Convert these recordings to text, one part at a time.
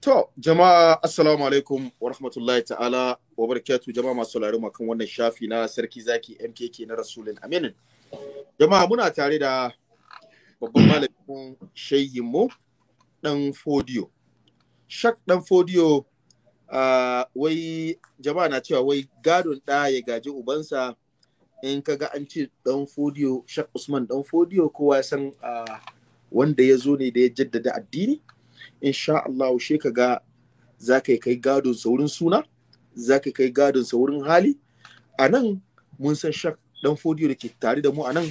To, jama'a assalamu alaikum wa rahmatullahi ta'ala wa barakatuh jama'a masu sauraro makan wannan shafi na sarki zaki MKK na Rasulun Aminin. Jama'a muna tare da babban malamin shayyinmu mu Fodiyo. Shak ɗan Fodiyo uh, wai jama'a na cewa wai gadon ɗa ya gaji ubansa in kaga an ce ɗan Fodiyo Shak Usman ɗan Fodiyo kowa ya san uh, wanda ya zo ne da ya jaddada addini. insha Allah she ka ga za ka kai gadon saurin suna za ka kai gadon saurin hali a nan mun san shak dan fodiyo da ke tare da mu a nan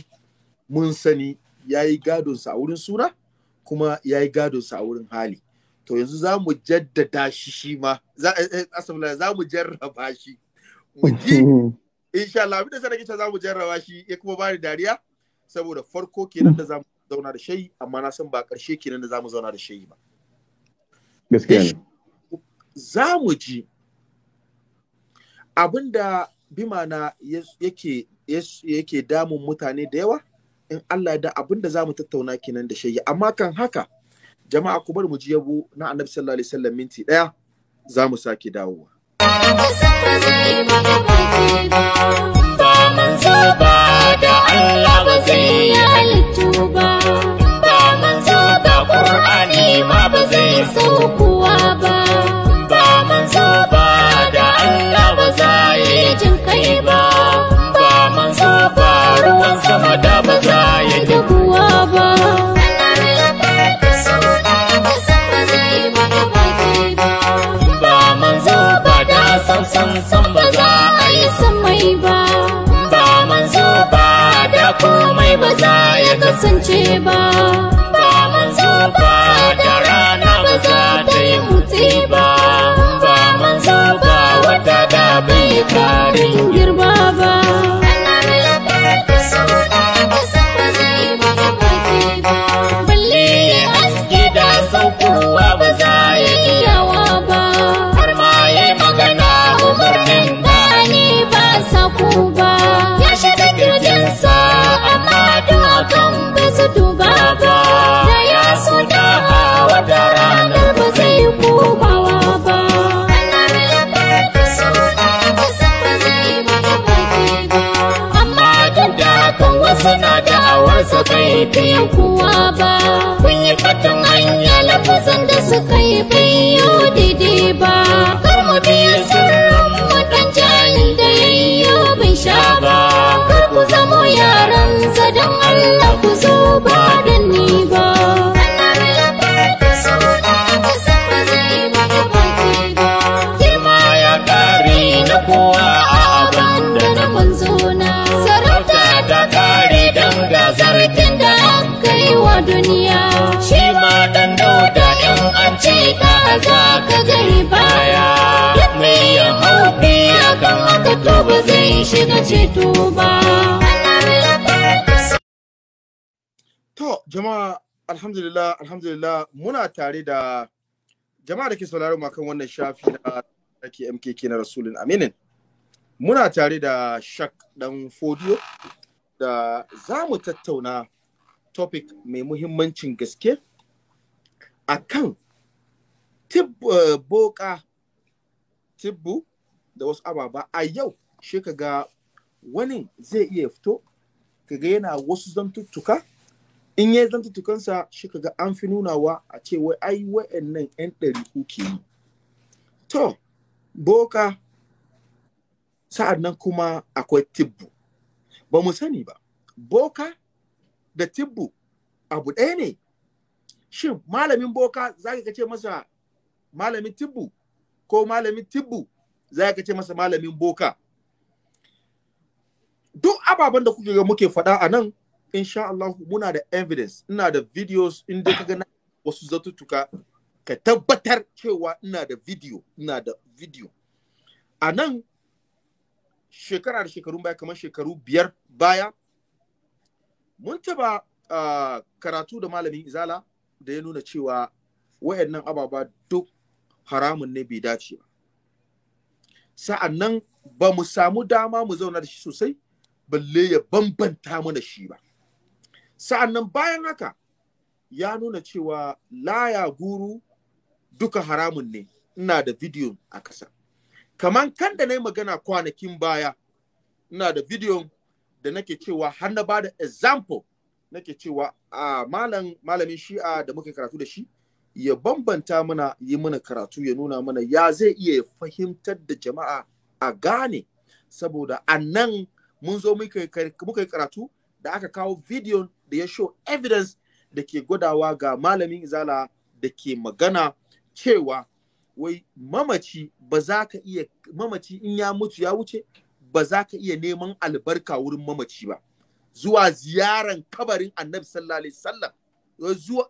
mun sani ya yi gadon sa wurin suna kuma ya yi gadon sa wurin hali to yanzu za mu jaddada shi shi ma za eh, eh, mu jarraba shi mu ji insha Allah abin da sanake ta za mu jarraba shi ya kuma ba ni dariya saboda farko kenan da za mu zauna da shayi amma na san ba ƙarshe kenan da za mu zauna da shayi ba Za mu ji abinda bimana yake yake damun mutane da yawa in Allah da da za mu tattauna kenan da shayi amma kan haka jama'a ku bar mu ji yabo na annabi sallallahu alaihi wasallam minti daya za mu sake dawowa. Ba ba da Allah ba zai halittu ba. Qur'ani ma ba zai so kuwa ba ba so ba da Allah ba za yi jin kai ba ba so ba ruwan sama da ba za yi kuwa ba ba so ba da sam ba za a yi samai ba ba so ba da komai ba za ya kasance ba ba da rana ba za ta yi mutsi ba ba manzo ba wata da bai farin girma ba su kai fiye kuwa ba kun yi fatan hanya lafazan da su kai biyu daidai ba kar mu biya sirrin mutan jayin da yayyo bai sha ba kar ku zamo yaran sa don Allah ku zo ba da ni ba To, jama'a alhamdulillah alhamdulillah muna tare da jama'a da ke sauraron makon wannan shafi na ake MKK na Rasulun Aminin. Muna tare da Shak dan Fodiyo da za mu tattauna topic mai muhimmancin gaske a kan eh, boka tibbu da wasu ababa a yau shi ka wani zai iya fito kaga yana wasu zantuttuka in ya zantuttukansa shi ka ga an fi nunawa a ce wai ai nan 'yan ɗari uke yi to boka sa'ad nan kuma akwai tibbu ba mu sani ba boka da tibbu abu ɗaya ne shin malamin boka za ka ce masa malamin tibbu ko malamin tibbu za ka ce masa malamin boka duk ababen da kuke ga muke faɗa a nan insha Allah muna da evidence ina da videos inda da kaga wasu zatuttuka ka tabbatar cewa ina da video ina da video a nan shekara da shekarun baya kamar shekaru biyar baya mun taba uh, karatu da malamin izala da ya nuna cewa wayannan ababa duk haramun ne bai dace ba sa'an nan ba mu samu dama mu zauna da shi sosai balle ya bambanta mana shi ba Sa'annan bayan haka ya nuna cewa laya guru duka haramun ne ina da bidiyon a ƙasa kaman kan da na yi magana kwanakin baya ina da bidiyon da nake cewa har na bada example nake cewa a malam malamin shi'a da muke karatu da shi ya bambanta mana yi mana karatu ya nuna mana ya zai iya fahimtar da jama'a a gane saboda a nan mun zo muka yi karatu da aka kawo bidiyon da ya show evidence da ke gwadawa ga malamin izala da ke magana cewa wai mamaci ba za ka iya mamaci in ya mutu ya wuce ba za ka iya neman albarka wurin mamaci ba zuwa ziyaran kabarin annabi sallallahu alaihi sallam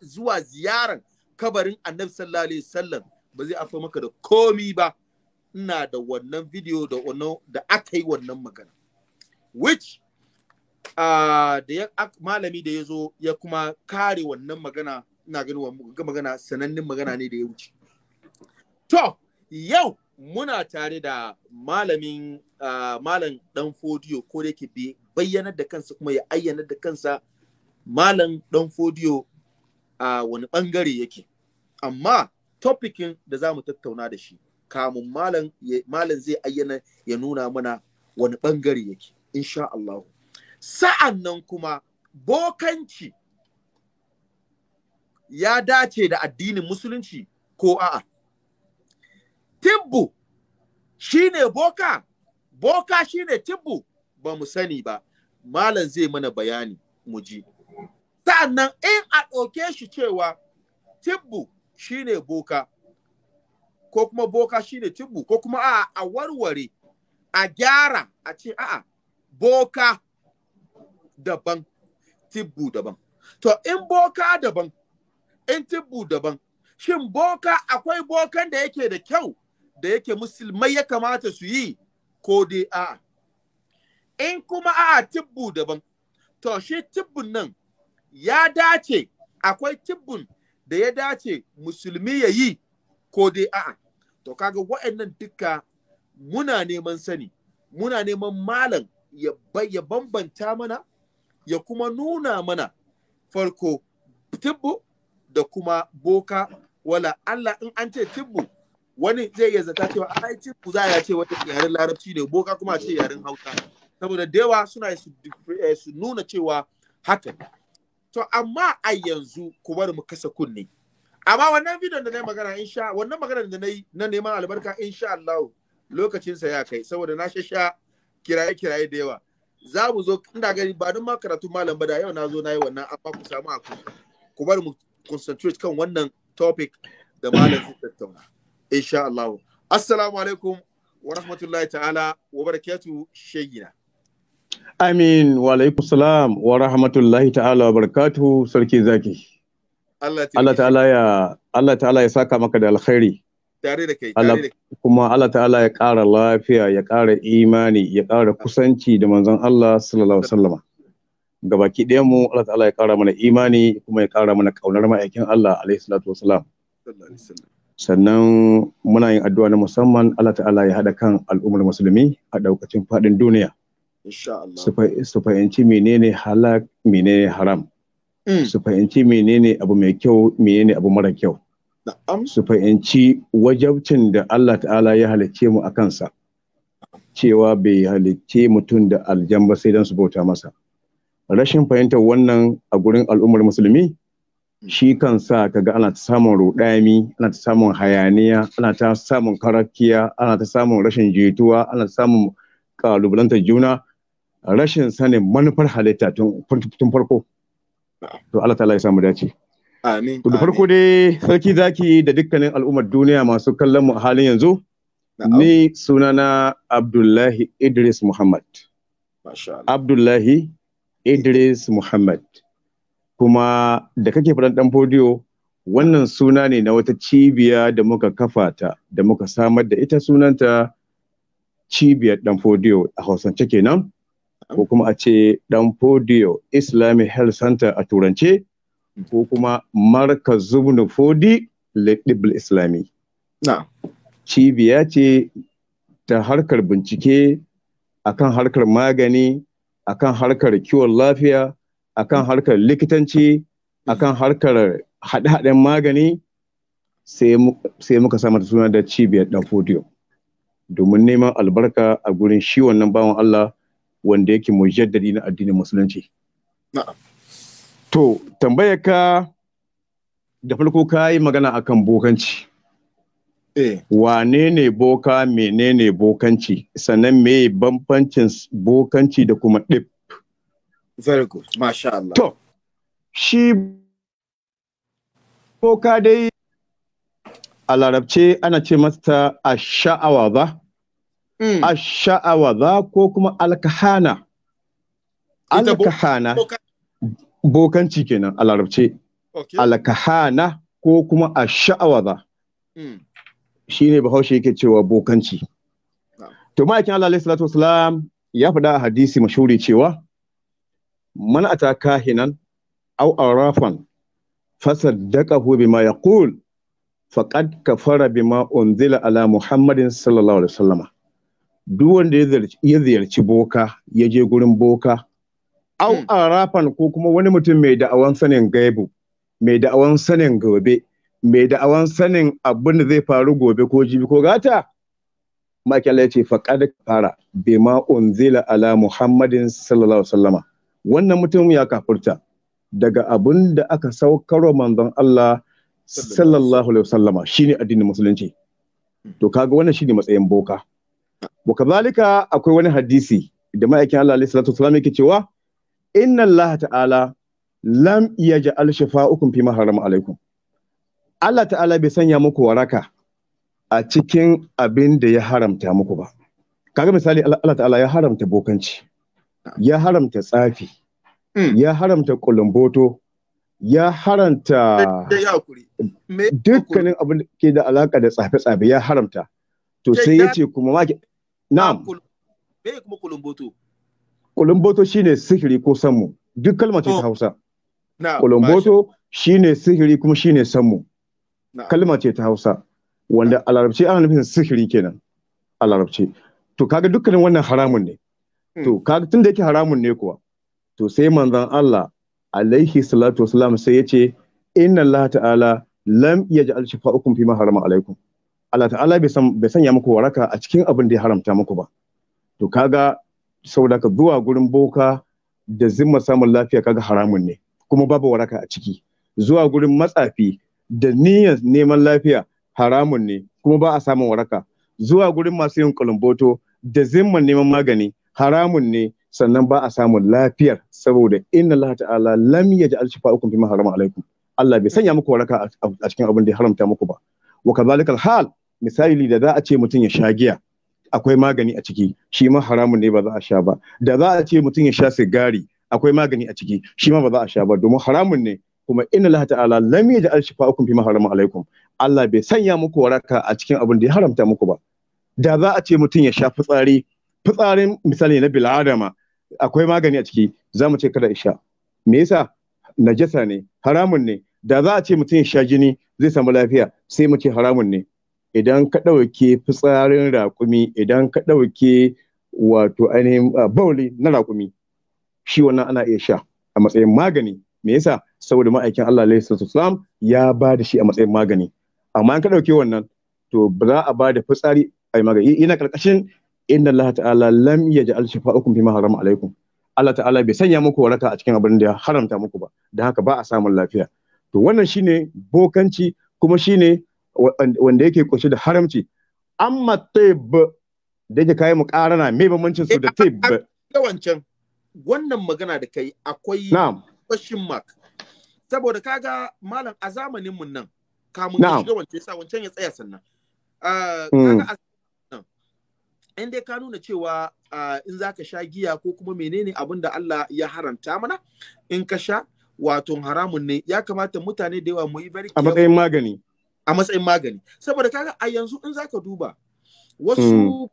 zuwa ziyaran kabarin annabi sallallahu alaihi sallam ba zai afa maka da komi ba ina da wannan video da aka yi wannan magana which uh, da ya malami da ya zo ya kuma kare wannan magana ina ganin magana sanannen magana ne da ya wuce to yau muna tare da malamin uh, malam dan fodiyo ko da yake bayyanar da kansa kuma ya ayyanar da kansa malam dan fodiyo a uh, wani bangare yake amma topikin da za mu tattauna da shi kamun malam zai ayyana ya nuna mana wani bangare yake insha Allah sa'an kuma bokanci ya dace da addinin musulunci ko a'a tibbu shine boka boka shine tibbu ba mu sani ba malam zai mana bayani mu ji sa'annan in a ɗauke shi cewa tibbu shine boka ko kuma boka shine tibbu ko kuma a'a a warware a gyara a ce a'a boka daban tibbu daban to in boka daban in tibbu daban shin boka akwai bokan da yake da kyau da yake musulmai ya kamata su yi ko dai a in kuma a tibbu daban to shi tibbun nan ya dace akwai tibbun da ya dace musulmi ya yi ko dai a'a to kaga waɗannan duka muna neman sani muna neman malam ya bambanta mana ya kuma nuna mana farko tibbu da kuma boka wala Allah in an ce tibbu wani zai ya zata cewa ai tibbu za ya ce wata yaren larabci ne boka kuma ce yaren hausa saboda da yawa suna su eh, nuna cewa haka to amma a yanzu ku bari mu kasa kunne amma wannan bidiyon da na yi magana insha wannan magana da na yi na neman albarka insha Allah lokacinsa ya kai saboda na sha kiraye-kiraye da yawa za mu zo ina gani ba don ma karatu malam ba da yau na zo na yi wannan amma ku samu aku ku bar mu concentrate kan wannan topic da malam zai tattauna insha Allah assalamu alaikum wa rahmatullahi ta'ala wa barakatuhu shayyina amin wa alaikum salam wa rahmatullahi ta'ala wa barakatu sarki zaki Allah ta'ala ya Allah ta'ala ya saka maka da alkhairi tare da kai kuma Allah ta'ala ya ƙara lafiya ya ƙara imani ya ƙara kusanci da manzon Allah sallallahu alaihi wasallam gabaki ɗayan mu Allah ta'ala ya ƙara mana imani kuma ya ƙara mana ƙaunar ma'aikin Allah alaihi salatu wasallam sannan muna yin addu'a na musamman Allah ta'ala ya haɗa kan al'ummar musulmi a ɗaukacin faɗin duniya su fahimci menene halak menene haram mm. su fahimci menene abu mai kyau menene abu mara kyau su fahimci wajabcin da Allah ta'ala ya halicce mu a kansa cewa bai halicce mutum da aljan ba sai don su bauta masa rashin fahimtar wannan a gurin al'ummar musulmi shi kan sa ka ga ana ta samun rudami ana ta samun hayaniya ana ta samun karakiya ana ta samun rashin jituwa ana ta samun kalubalantar juna rashin sanin manufar halitta tun farko to Allah ta'ala ya samu dace Amin. Da farko dai sarki zaki da dukkanin al'ummar duniya masu kallon mu a halin yanzu. Ni sunana Abdullahi Idris Muhammad. Abdullahi Idris Muhammad. Kuma da kake faɗan ɗan fodiyo wannan suna ne na wata cibiya da muka kafa ta da muka samar da ita sunanta cibiyar ɗan fodiyo a hausance kenan ko kuma a ce ɗan fodiyo Islamic Health Center a turance. ko kuma marka zubna fodi lidibul islami cibiya ce ta harkar bincike akan harkar magani akan harkar kiwon lafiya akan harkar likitanci akan harkar haɗe-haɗen magani sai muka samar suna da cibiyar ɗan fodiyo domin neman albarka a gurin shi wannan bawan Allah wanda yake jaddadi na addinin musulunci. Na'am. To, tambayar ka da farko ka yi magana a kan bokanci. Eh. Wane ne boka menene bokanci sannan me bambancin bokanci da kuma ɗif. Very good, masha Allah. To, shi boka dai a larabce ana ce masta a sha'awa ba? Mm. A sha'awa ba ko kuma alkahana. Alkahana. bokanci kenan a larabce alkahana ko kuma a sha'awaza hmm. shi ne bahaushe yake cewa bokanci to ma'aikin Allah alaihi salatu wasalam ya faɗa a hadisi mashuri cewa man ata kahinan aw arafan fasaddaqahu bima yaqul faqad kafara bima unzila ala muhammadin sallallahu alaihi wasallama duk wanda ya ziyarci boka ya je gurin boka au hmm. arafan ko kuma wani mutum mai da'awan sanin gaibu mai da'awan sanin gobe mai da'awan sanin abin da zai faru gobe ko jibi ko gata Allah ya ce faƙad fara unzila ala Muhammadin sallallahu alaihi wannan mutum ya kafurta daga abin da aka wa manzon Allah sallallahu alaihi wasallama shine addinin musulunci hmm. to kaga wannan shine matsayin boka wa kazalika akwai wani hadisi da ma'aikin Allah alaihi salatu wasallam yake cewa inna Allah ta'ala lam yaj'al shifa'ukum fi maharam alaikum Allah ta'ala bai sanya muku waraka a cikin abin da ya haramta muku ba kaga misali Allah ta'ala ya haramta bokanci ya haramta tsafi hmm. ya haramta kulumboto ya haramta dukkanin abin da ke da alaka da tsafe-tsafe ya haramta to sai ya ce kuma ma na'am ah, kuma kulumboto Kulumboto shine sihiri ko sanmu duk kalma ce ta oh. Hausa. Kulumboto shine sihiri kuma shine sanmu kalma ce ta Hausa wanda a larabci ana nufin sihiri kenan a larabci. To kaga dukkanin wannan haramun ne. Hmm. To kaga tun da yake haramun ne kuwa. To sai manzon Allah alaihi salatu wasalam sai ya ce inna Allah ta'ala lam yaj'al shifa'ukum ma harama alaikum. Allah ta'ala bai sanya muku waraka a cikin abin da ya haramta muku ba. To kaga saboda ka zuwa gurin boka da zimma samun lafiya kaga haramun ne kuma babu waraka a ciki zuwa gurin matsafi da niyyar neman lafiya haramun ne kuma ba a samun waraka zuwa gurin masu yin kulumboto da zimman neman magani haramun ne sannan ba a samun lafiyar saboda inna Allah ta'ala lam yaj'al shifa'akum ma harama alaikum Allah bai sanya muku waraka a cikin abin da ya haramta muku ba wa kazalikal hal misali da za a ce mutum ya sha giya akwai magani a ciki shi ma haramun ne ba za a sha ba da za a ce mutum ya sha sigari akwai magani a ciki shi ma ba za a sha ba domin haramun ne kuma inna lillahi ta'ala lam yaj'al shifa'akum fi ma harama alaikum Allah bai sanya muku waraka a cikin abin da ya haramta muku ba da za a ce mutum ya sha fitsari fitsarin misali na bil'adama akwai magani a ciki za mu ce kada isha me yasa najasa ne haramun ne da za a ce mutum ya sha jini zai samu lafiya sai mu ce haramun ne idan ka ɗauke fitsarin raƙumi idan ka ɗauke wato ainihin ah, bauli na raƙumi shi wannan ana iya sha a matsayin magani me yasa saboda ma'aikin Allah alaihi ya ba da shi a matsayin magani amma in ka ɗauke wannan to ba za a ba da fitsari a magani yana karkashin inna Allah ta'ala lam yaj'al shifa'akum bima haram alaikum Allah ta'ala bai sanya muku waraka a cikin abin da ya haramta muku ba da haka ba a samun lafiya to wannan shine bokanci kuma shine wanda yake kunshe da haramci amma taib da yake kai mu karana me bambancin su da eh, taib wancan. wannan magana da kai akwai question mark saboda kaga malam a zamanin mun nan kamun ka shiga wancan sa wancan ya tsaya sannan ah, kaga mm. in dai ka nuna cewa ah, in za ka sha giya ko kuma menene abin da Allah ya haramta mana in ka sha wato haramun ne ya kamata mutane da yawa mu yi very a matsayin magani a matsayin magani saboda kaga a yanzu in zaka duba wasu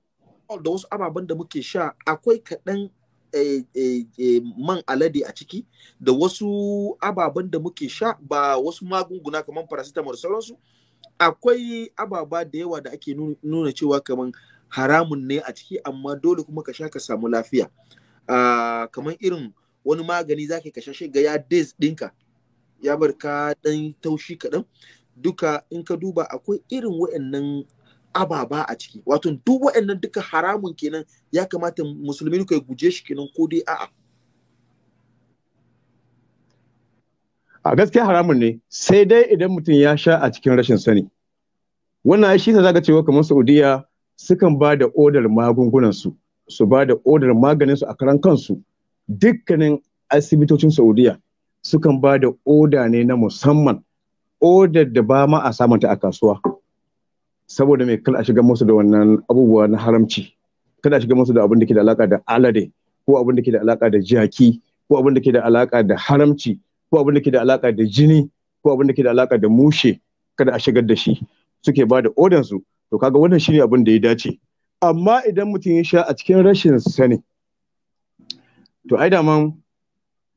hmm. da wasu ababen da muke sha akwai kaɗan eh, eh, eh, man alade a ciki da wasu ababen da muke sha ba wasu magunguna kamar paracetamol da sauransu akwai ababa da yawa da ake nuna cewa kamar haramun ne a ciki amma dole kuma ka sha ka samu lafiya ah, kamar irin wani magani zaka kashe shi ga ya days ɗinka ya bar ka ɗan taushi kaɗan duka in ka duba akwai irin wa'annan ababa a ciki wato duk wa'annan duka haramun kenan ya kamata musulmi ka guje shi kenan ko dai a'a a gaskiya haramun ne sai dai idan mutum ya sha a cikin rashin sani wannan shi ta zaga cewa kamar saudiya sukan ba da odar magungunansu su ba da odar maganinsu a karan kansu dukkanin asibitocin saudiya sukan ba da oda ne na musamman odar da ba ma a ta a kasuwa saboda mai kada a shiga musu da wannan abubuwa na haramci kada a shiga musu da abin da ke da alaka da alade ko abin da ke da alaka da jaki ko abin da ke da alaka da haramci ko abin da ke da alaka da jini ko abin da ke da alaka da mushe kada a shigar da shi suke ba da odansu to kaga wannan shine abin da ya dace amma idan mutum ya sha a cikin rashin sani to ai daman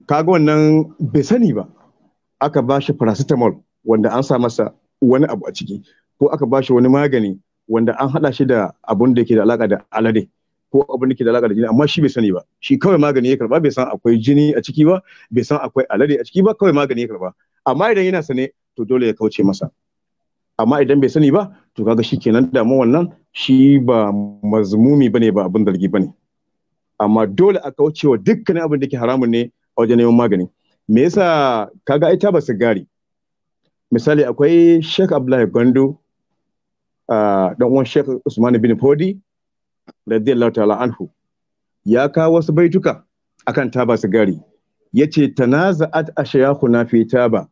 kaga wannan bai sani ba aka ba shi paracetamol wanda an sa masa wani abu a ciki ko aka ba shi wani magani wanda an haɗa shi da abun da ke da alaƙa da alade ko abun da ke da alaƙa da jini amma shi bai sani ba shi kawai magani ya karba bai san akwai jini a ciki ba bai san akwai alade a ciki ba kawai magani ya karba amma idan yana sane to dole ya kauce masa amma idan bai sani ba to kaga shi kenan mu wannan, shi ba mazmumi bane ba abin zargi bane amma dole a kaucewa dukkanin abin da ke haramun ne a wajen neman magani me yasa kaga ai ta ba sigari misali akwai Sheikh Abdullahi Gwandu uh, dan uwan Sheikh Usman bin Fodi radiyallahu ta'ala anhu ya kawo wasu baituka akan taba sigari yace tanaza'at ashayakhuna fi taba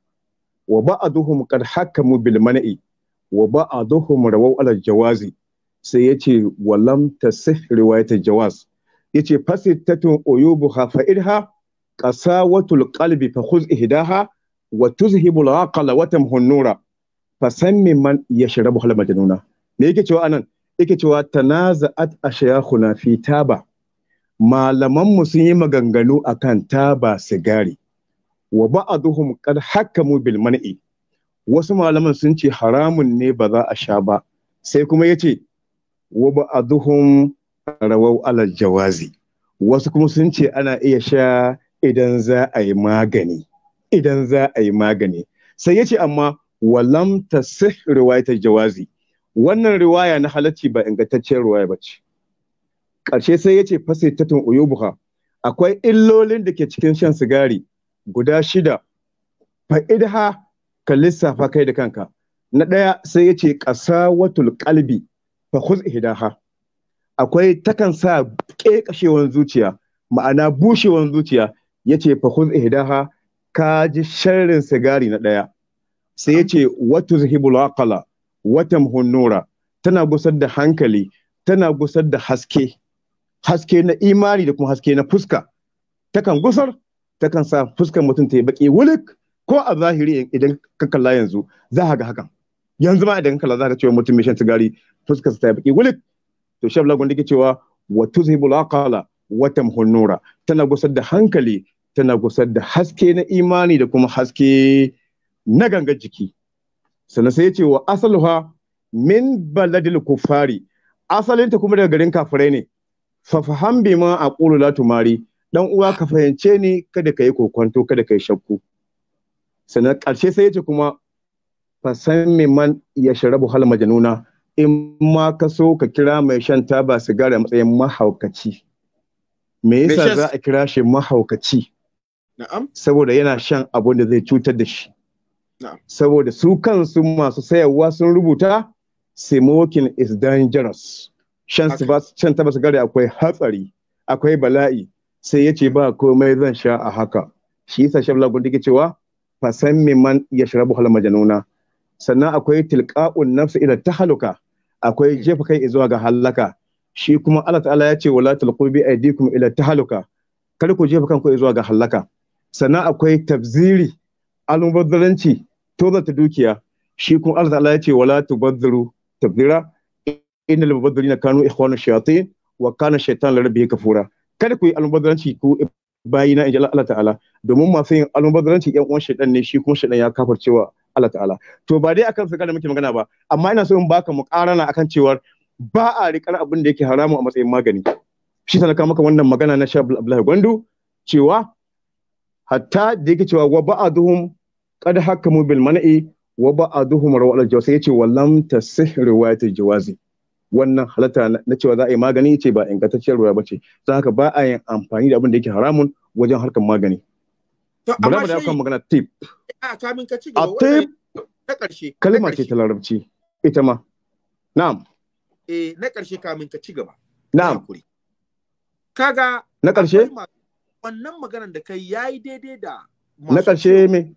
wa ba'aduhum qad hakamu bil man'i wa ba'aduhum rawaw ala jawazi sai yace walam tasih riwayatul jawaz yace fasittatun uyubuha fa irha qasawatul qalbi fa khuz ihdaha wa tuzhibul aqla wa tamhu nura fa sammi man yashrabu hal me yake cewa anan yake cewa tanaza'at ashayakhuna fi taba malaman mu sun yi maganganu akan taba sigari wa ba'dhum qad hakamu bil man'i wasu malaman sun ce haramun ne ba za a sha ba sai kuma yace wa ba'dhum rawau alal jawazi wasu kuma sun ce ana iya sha idan za a yi magani idan za a yi magani sai ya ce amma walam sih riwayata jawazi wannan riwaya na halacci ba ingantacciyar riwaya ba ce ƙarshe sai ya ce fasaitatun uyubuha akwai illolin da ke cikin shan sigari guda shida fa'idha ka lissafa kai da kanka na ɗaya sai ya ce ƙasawatul ƙalbi fa khuz akwai takan sa ƙeƙashewan zuciya ma'ana bushewan zuciya ya ce fa ka ji sharrin sigari na ɗaya sai ya ce wata zuhibul aqala wata hunnura tana gusar da hankali tana gusar da haske haske na imani da kuma haske na fuska takan gusar takan sa fuskar mutum ta yi baki wulik ko a zahiri idan ka kalla yanzu za ka ga hakan yanzu ma idan ka kalla za ka cewa mutum mai shan sigari fuskar ta yi baki wulik to shaf lagun ke cewa wa tuzhibul aqala wa tamhun nura tana gusar da hankali tana gusar da haske na imani da kuma haske na gangar jiki sannan sai ya ce wa asaluha min baladil kufari asalinta kuma daga garin kafirai ne fa faham a ƙulu la tumari dan uwa ka fahimce ni kada ka yi kokonto kada ka yi shakku sannan ƙarshe sai ya ce kuma fasan man ya sharabu hal majanuna in ma ka so ka kira mai shan taba sigara matsayin mahaukaci me yasa za a kira shi mahaukaci saboda yana shan abun da zai cutar da shi saboda su kansu masu sayarwa sun rubuta smoking is dangerous shan ta ba sigari akwai hatsari akwai bala'i sai ya ce ba komai zan sha a haka shi yasa shan lagun da cewa fasan man ya shirabu hal majanuna sannan akwai tilqa'un nafsi ila tahaluka akwai hmm. jefa kai zuwa ga halaka shi kuma Allah ta'ala ya ce wala tulqu bi aydikum ila tahaluka kar ku jefa kanku zuwa ga halaka sannan akwai tabziri almubazzaranci tozarta dukiya shi kuma Allah ta'ala ya ce wala tubazziru tabzira innal mubazzirina kanu ikhwanu shayatin wa kana shaytan li rabbihi kafura kada ku yi alubazzaranci ku bayina in Allah ta'ala domin masu yin alubazzaranci yan uwan shaytan ne shi kuma shaytan ya cewa Allah ta'ala to ba dai akan su da muke magana ba amma ina so in baka mukarana akan cewar ba a rikar abin da yake haramu a matsayin magani shi talaka maka wannan magana na Shabul Abdullahi Gwandu cewa hatta da yake cewa wa ba'aduhum qad hakamu bil man'i wa ba'aduhum rawal jawazi jawaz yace wa lam tasih riwayatul jawazi wannan halatta na cewa za a yi magani yace ba ingantacciyar ruwa bace don haka ba a yin amfani da abin da yake haramun wajen harkar magani bari mu da kan magana tip a kamin ka ci gaba tip na karshe kalmar ce ta larabci ita ma na'am eh na karshe kamin ka ci gaba na'am kaga na karshe wannan maganan da kai yayi daidai da na ƙarshe me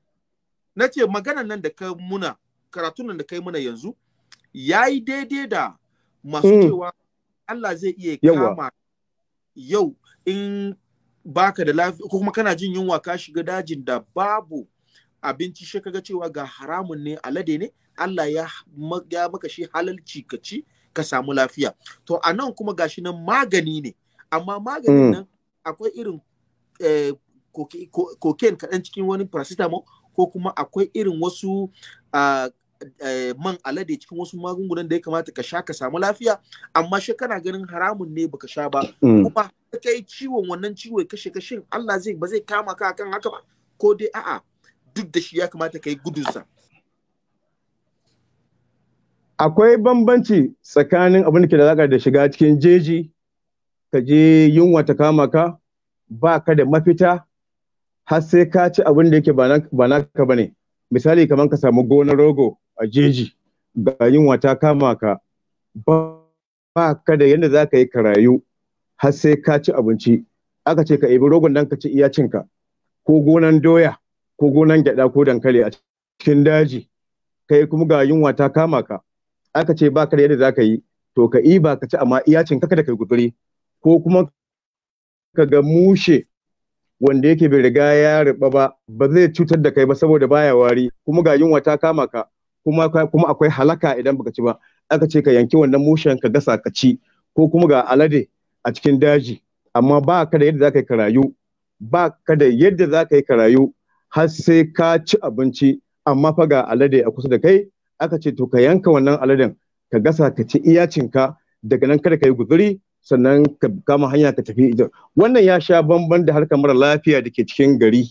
na ce maganan nan da kai muna karatun nan da kai muna yanzu yayi daidai da masu hmm. cewa Allah zai iya kama yau in baka da lafiya ko kuma kana jin yunwa ka shiga dajin da babu abinci shi kaga cewa ga haramun ne alade ne Allah ya maka shi halalci ka ci ka samu lafiya to a nan kuma gashi nan magani ne amma maganin hmm. nan akwai irin Eh, koken kaɗan cikin wani paracetamol ko kuma akwai irin wasu man alade cikin wasu magungunan da ya kamata ka sha ka samu lafiya amma shi kana ganin haramun ne baka sha ba mm. kuma ka yi ciwon wannan ciwo kashe kashin Allah zai ba zai kama ka akan haka ba ko dai a'a duk da shi ya kamata ka yi gudunsa akwai bambanci tsakanin abin da ke da da shiga cikin jeji ka je yunwa ta kama ka ba ka da mafita har sai ka ci abin da yake ba ka ba ne misali kamar ka samu gonar rogo a jeji ga yunwa ta kama ka ba ka da yadda za ka yi ka rayu har sai ka ci abinci aka ce ka ibi rogon don ka ci iya cinka ko gonan doya ko gonan gyada ko dankali a cikin daji kai kuma ga yunwa ta kama ka aka ce ba ka da yadda za ka yi to ka iba ka ci amma iya cinka ka yi guduri ko kuma kaga mushe wanda yake bai riga ya riba ba ba zai cutar da kai ba saboda baya wari kuma ga yunwa ta kama ka kuma kuma akwai halaka idan baka ci ba aka ce ka yanki wannan mushen ka gasa ka ci ko kuma ga alade a cikin daji amma ba ka da yadda za yi karayu, ba ka da yadda zaka yi karayu, har sai ka ci abinci amma fa ga alade a kusa da kai aka ce to ka yanka wannan aladen ka gasa ka ci iyacinka daga nan kada ka yi guzuri sannan ka kama hanya ka tafi ita wannan ya sha bamban da harkar mara lafiya da ke cikin gari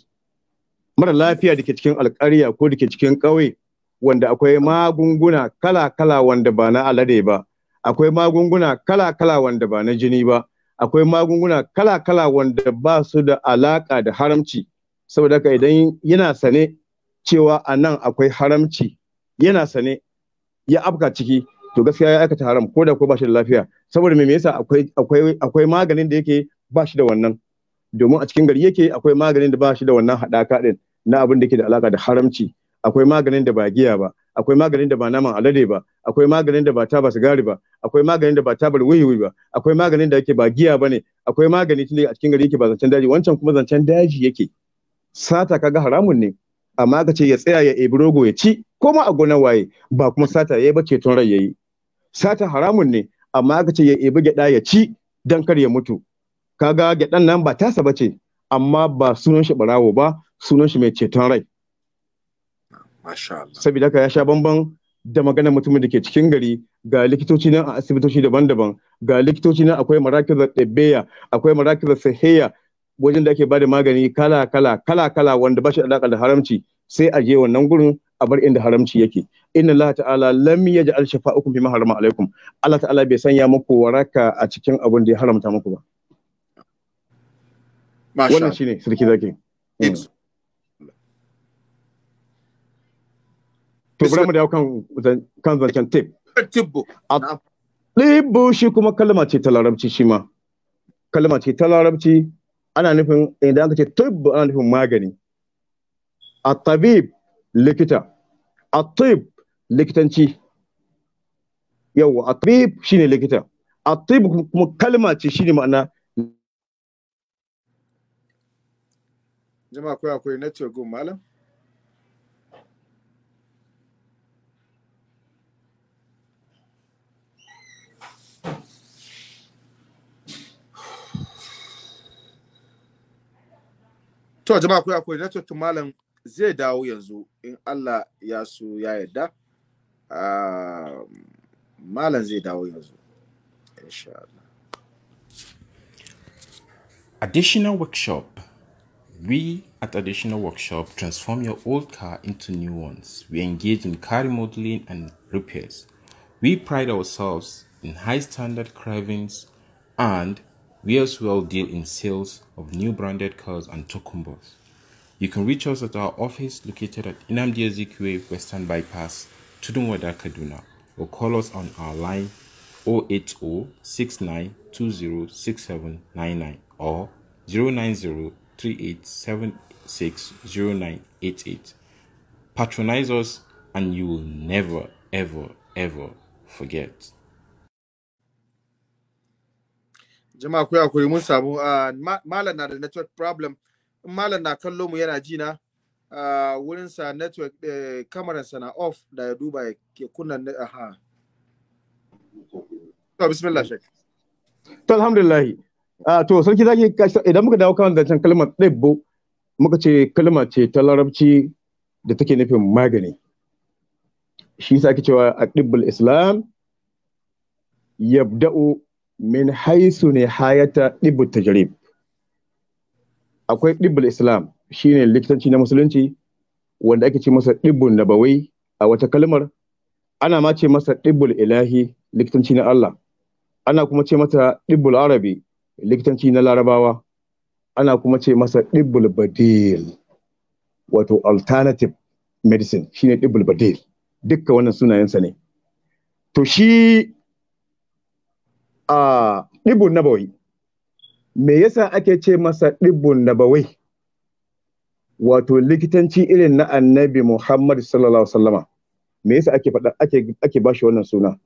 mara lafiya da ke cikin alƙarya ko da ke cikin ƙauye wanda akwai magunguna kala-kala wanda ba na alade ba akwai magunguna kala-kala wanda ba na jini ba akwai magunguna kala-kala wanda ba su da alaƙa da haramci saboda ka idan yana sane cewa a nan akwai haramci yana sane ya afka ciki to gaskiya ya aikata haram ko da ko ba shi da lafiya saboda me yasa akwai akwai akwai maganin da yake ba shi da wannan domin a cikin gari yake akwai maganin da ba shi da wannan hadaka din na abin da ke da alaka da haramci akwai maganin da ba giya ba akwai maganin da ba naman alade ba akwai maganin da ba ba sigari ba akwai maganin da ba wuyi wuyi ba akwai maganin da yake ba giya ba ne akwai magani tunda a cikin gari yake ba zancen daji wancan kuma zancen daji yake sata kaga haramun ne amma ka ce ya tsaya ya ebi rogo ya ci ko ma a gonar waye ba kuma sata ya yi ba ceton rai ya yi sata haramun ne amma aka ce ya ebi gyada ya ci dan kar ya mutu kaga gyadan nan ba tasa ba ce, amma ba sunan shi barawo ba sunan shi mai ceton rai saboda haka ya sha bamban da maganar mutumin da ke cikin gari ga likitoci nan a asibitoci daban-daban ga likitoci nan akwai marakizar ɗabbeya akwai marakizar sahiya wajen da ake ba da magani kala kala kala kala wanda ba shi alaƙa da haramci sai a je wannan gurin a bar inda haramci yake inna Allah ta'ala lam yaj'al shafa'ukum fi harama alaikum Allah ta'ala bai sanya muku waraka a cikin abin da ya haramta muku ba wannan shine sarki zaki hmm. to bari mu dawo kan kan zancen tip tibbo tibbo shi kuma kalma ce ta larabci shi ma kalma ce ta larabci ana nufin idan aka ce tibbo ana nufin magani a tabib likita atib likitanci yawa atib shine likita atib kuma kalma ce shine ma'ana jama'a akwai akwai na ce gun malam To jama'a akwai akwai network malam zai dawo yanzu in Allah ya so ya yarda um, malam zai dawo yanzu insha Allah additional workshop we at additional workshop transform your old car into new ones we engage in car remodeling and repairs we pride ourselves in high standard carvings and we as well deal in sales of new branded cars and token you can reach us at our office located at Inamdi Ezekwe Western Bypass, Tudunwada, Kaduna, or call us on our line 08069206799 or 09038760988. Patronize us and you will never, ever, ever forget. Jama'a ku mun samu uh, na the network problem malam na kallo mu yana ji na wurinsa network eh, kamar sa na off da ya duba ya kunna aha to bismillah shek to alhamdulillah to sarki zaki idan muka dawo kan zancen kalmar ɗibbo muka ce kalma ce ta larabci da take nufin magani shi yasa ake cewa a ɗibbul islam yabda'u min haisu ne hayata ɗibbu tajrib akwai ɗibbul islam shine likitanci na musulunci wanda ake ce masa ɗibbun nabawai a wata kalmar ana ma ce masa ɗibbul ilahi likitanci na Allah ana kuma ce masa ɗibbul arabi likitanci na larabawa ana kuma ce masa ɗibbul badil wato alternative medicine shine ɗibbul badil dukkan wannan sunayensa ne to shi a ɗibbun nabawai. me yasa ake ce masa ɗibbun nabawai wato likitanci irin na annabi Muhammad sallallahu alaihi wasallama me yasa ake faɗa ake ake bashi wannan suna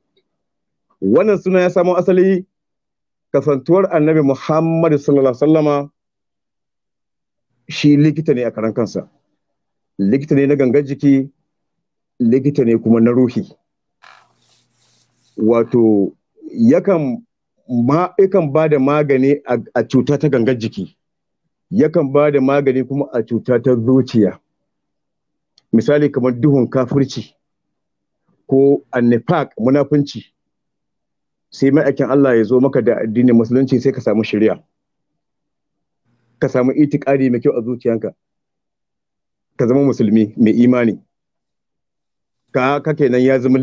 wannan suna ya samo asali kasantuwar annabi Muhammad sallallahu alaihi wasallama shi likita ne a karan kansa likita ne na gangan jiki likita ne kuma na ruhi wato yakan ma yakan ba da magani a cuta ta gangar jiki yakan ba da magani kuma a cuta ta zuciya misali kamar duhun kafirci ko annifak munafunci sai ma'aikin Allah ya zo maka da addinin musulunci sai ka samu shari'a ka samu itikadi mai kyau a zuciyanka ka zama musulmi mai imani ka kake kenan ya zama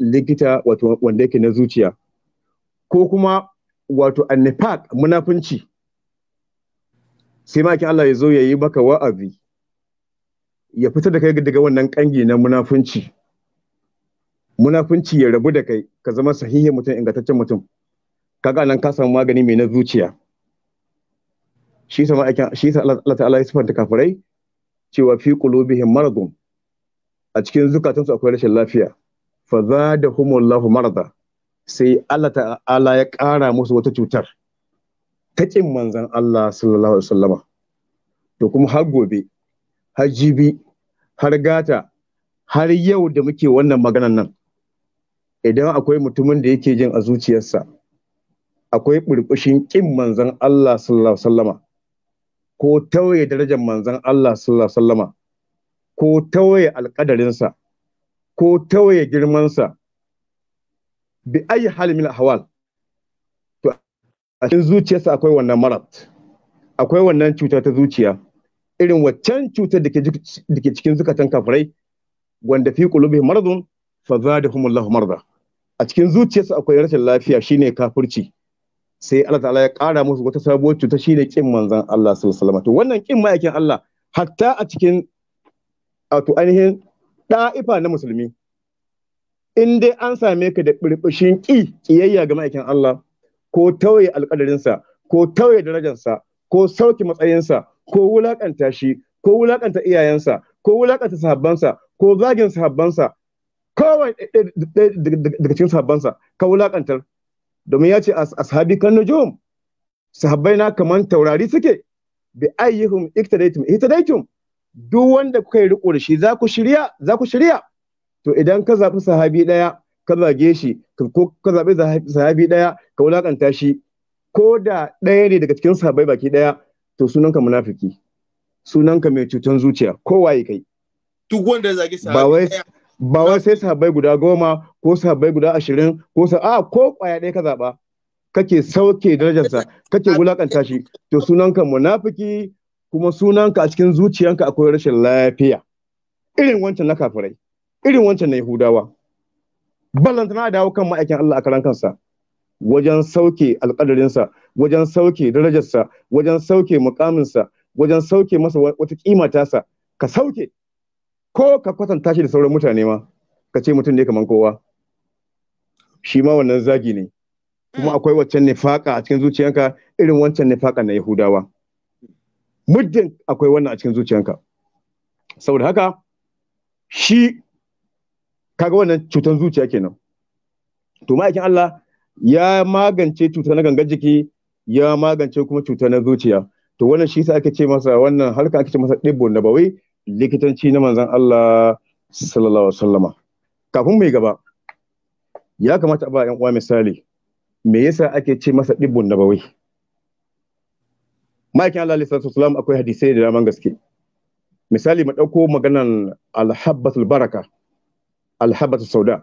likita wato wanda yake na zuciya ko kuma wato annifaq munafunci sai maki Allah ya zo ya yi maka wa'azi ya fitar da kai daga wannan kangi na munafunci munafunci ya rabu da kai ka zama sahihi mutum ingantaccen mutum kaga nan ka samu magani mai na zuciya shi sama aikin shi Allah ta'ala ya sifanta kafirai cewa fi qulubihim maradun a cikin zukatansu akwai rashin lafiya fa zadahumullahu marada sai Allah ta'ala ya ƙara musu wata cutar ta ƙin manzan Allah sallallahu alaihi wasallama to kuma har gobe har jibi har gata har yau da muke wannan maganan nan idan akwai mutumin da yake jin a zuciyarsa akwai ɓurɓushin ƙin manzan Allah sallallahu alaihi wasallama ko tauye darajar manzan Allah sallallahu alaihi wasallama ko tawaye alƙadarinsa ko tawaye girmansa bi ayi hali min hawal to a cikin zuciyarsa akwai wannan marat akwai wannan cuta ta zuciya irin waccan cuta da ke cikin zukatan kafirai wanda fi kulubi maradun fa zadahumullahu marada a cikin zuciyarsa akwai rashin lafiya shine kafirci sai Allah ta'ala ya kara musu wata sabuwar cuta shine kin manzon Allah sallallahu alaihi wasallam wannan kin ma'aikin Allah hatta a cikin wato ainihin da'ifa na musulmi in dai an same ka da birbishin ƙi ƙiyayya ga ma'aikin Allah ko tauye alƙadarinsa ko tauye darajarsa ko sauke matsayinsa ko wulaƙanta shi ko wulaƙanta iyayensa ko wulaƙanta sahabbansa ko zagin sahabbansa kowane daga cikin sahabbansa ka wulaƙantar domin ya ce ashabi kan nujum sahabbai na kamar taurari suke bi ayyuhum iktadaitum ihtadaitum duk wanda kuka yi riko da shi za ku shirya za ku shirya to idan ka zaɓi sahabi ɗaya ka zage shi ko ka zaɓi sahabi ɗaya ka wulaƙanta shi ko da ɗaya ne daga cikin sahabai baki ɗaya to sunanka munafiki sunanka mai cutan zuciya ko waye kai duk wanda ya zage sahabi ba wai sai sahabai guda goma ko sahabai guda ashirin ko sa a ko kwaya ɗaya ka zaɓa kake sauke darajarsa kake wulaƙanta shi to sunanka munafiki kuma sunanka a cikin zuciyanka akwai rashin lafiya irin wancan na kafirai irin wancan na Yahudawa tana dawo kan ma'aikin Allah a karan kansa wajen sauke alƙadarinsa wajen sauke darajarsa wajen sauke mukaminsa wajen sauke masa wata kima tasa ka sauke ko ka kwatanta shi da sauran mutane ma ka ce mutum ne kamar kowa shi ma wannan zagi ne kuma mm. akwai waccan nifaka a cikin zuciyanka irin wancan nifaka na Yahudawa muddin akwai wannan a cikin zuciyanka saboda haka shi kaga wannan cutar zuciya kenan to ma'aikin Allah ya magance cuta na gangan jiki ya magance kuma cuta na zuciya to wannan shi sa ake ce masa wannan harka ake ce masa dibbo na bawai likitanci na manzon Allah sallallahu alaihi wasallama kafin mai gaba ya kamata a ba yan uwa misali me yasa ake ce masa dibbo na bawai ma'aikin Allah alaihi wasallam akwai hadisai da dama gaske misali mu ɗauko maganan alhabbatul baraka alhabatu sauda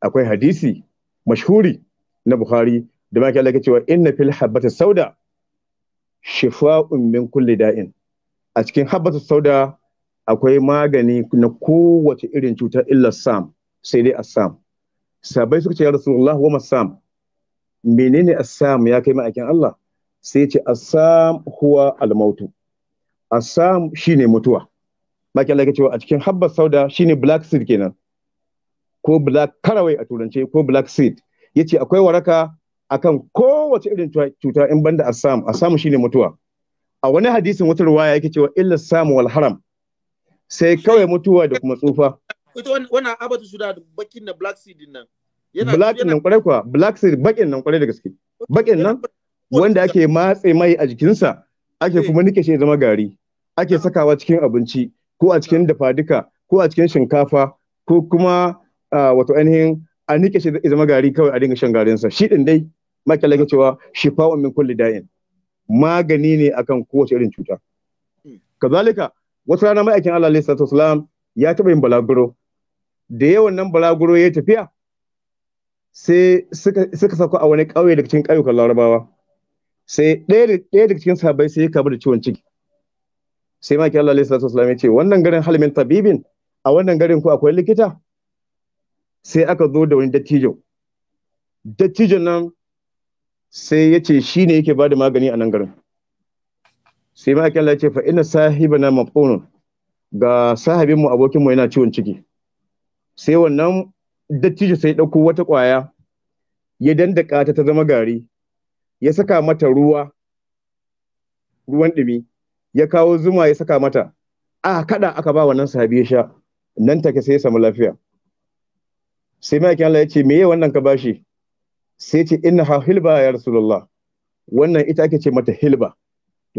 akwai hadisi mashhuri na bukhari da maki Allah cewa inna fil habatu sauda shifa'un min kulli da'in a cikin habatu sauda akwai magani na kowace irin cutar illa sam sai dai assam sabai suka ce ya rasulullah wa masam menene assam ya kai ma'aikin Allah sai ce assam huwa almautu assam shine mutuwa maki Allah cewa a cikin Habatu sauda shine black seed kenan ko black caraway a turance ko black seed yace akwai waraka akan kowace irin cuta in banda asam asam shine mutuwa a wani hadisin wata ruwaya yake cewa illa samu wal haram sai kawai mutuwa da kuma tsufa ita wannan abatu suda bakin na black seed din nan black nan kwarai kuwa black seed bakin nan kwarai da gaske bakin nan wanda ake matse mai a jikinsa ake eh. kuma nike shi zama gari ake sakawa cikin abinci ko a cikin dafa duka ko a cikin shinkafa ko kuma wato ainihin a nike shi zama gari kawai a dinga shan garinsa shi din dai maka ke cewa wa min kulli da'in magani ne akan kowace irin cuta kazalika wata rana ma'aikin Allah alaihi wasallam ya taɓa yin balaguro da yawan nan balaguro ya tafiya sai suka sako a wani ƙauye daga cikin kauyukan larabawa sai ɗaya daga cikin sahabbai sai ya kamu da ciwon ciki sai maki Allah alaihi wasallam ya ce wannan garin halmin tabibin a wannan garin ko akwai likita sai aka zo da wani dattijo dattijon nan sai ya ce shi ne yake bada magani a nan garin sai ma Allah ya ce fa ina sahibana mafunun ga sahabinmu abokinmu yana ciwon ciki sai wannan dattijo sai ɗauko wata ƙwaya ya dandaka ta ta zama gari ya saka mata ruwa ruwan ɗumi ya kawo zuma ya saka mata a kada aka ba wannan sahabi ya sha nan take sai ya samu lafiya sai ma'aikin Allah ya ce meye wannan ka bashi sai ce inna ha hilba ya rasulullah wannan ita ake ce mata hilba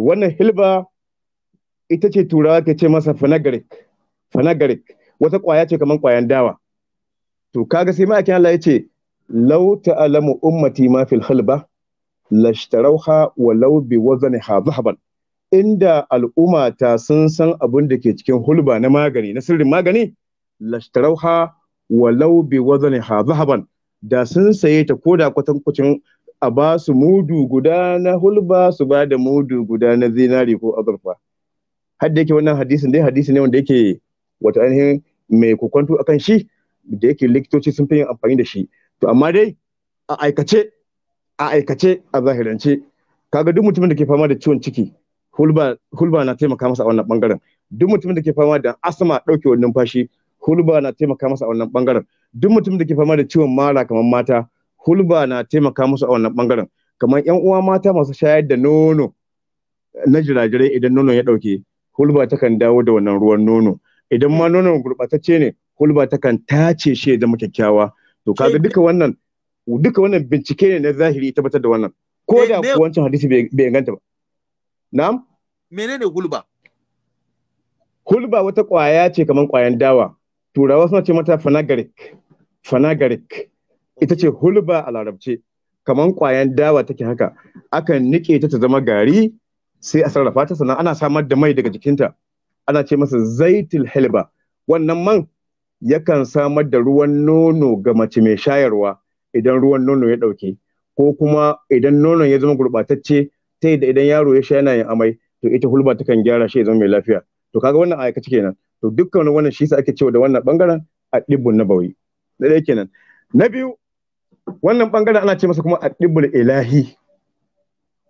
wannan hilba ita ce turawa ke ce masa fanagaric fanagaric wata kwaya ce kamar kwayan dawa to kaga sai ma'aikin Allah ya ce law ta'lamu ummati ma fil hilba lashtarauha walau bi wazaniha zahaban inda al'umma ta sun san abin da ke cikin hulba na magani na sirrin magani lashtarauha walau bi ha zahaban da sun saye ta da kwatankwacin a ba su mudu guda na hulba su ba da mudu guda na zinari ko azurfa har da yake wannan hadisin dai hadisi ne wanda yake wata ainihin mai kokwanto akan shi da yake likitoci sun fi yin amfani da shi to amma dai a aikace a aikace a zahirance kaga duk mutumin da ke fama da ciwon ciki hulba hulba na taimaka masa a wannan bangaren duk mutumin da ke fama da asma wannan numfashi hulba na taimaka masa a wannan bangaren duk mutum da ke fama da ciwon mara kamar mata hulba na taimaka masa a wannan bangaren kamar yan uwa mata masu shayar da nono na jirajirai idan nono ya dauke hulba takan dawo da wannan ruwan nono idan ma nono gurbatacce ne hulba takan tace shi da kyakkyawa to kaga duka wannan duka wannan bincike ne na zahiri ya tabbatar da wannan ko da wancan hadisi bai inganta ba na'am menene hulba hulba wata kwaya ce kamar kwayan dawa turawa suna ce mata fanagarik fanagarik ita ce hulba a larabce kamar kwayan dawa take haka akan nike ta ta zama gari sai a sarrafa ta sannan ana samar da mai daga jikinta ana ce masa zaitul helba wannan man yakan samar da ruwan nono ga mace mai shayarwa idan ruwan nono ya ɗauke ko kuma idan nonon ya zama gurbatacce ta da idan yaro ya sha yana yin amai to ita hulba takan gyara shi ya zama mai lafiya to kaga wannan aikace kenan to dukkan wannan shi sa ake cewa da wannan bangaren addibun nabawi da dai kenan na biyu wannan bangaren ana ce masa kuma addibul ilahi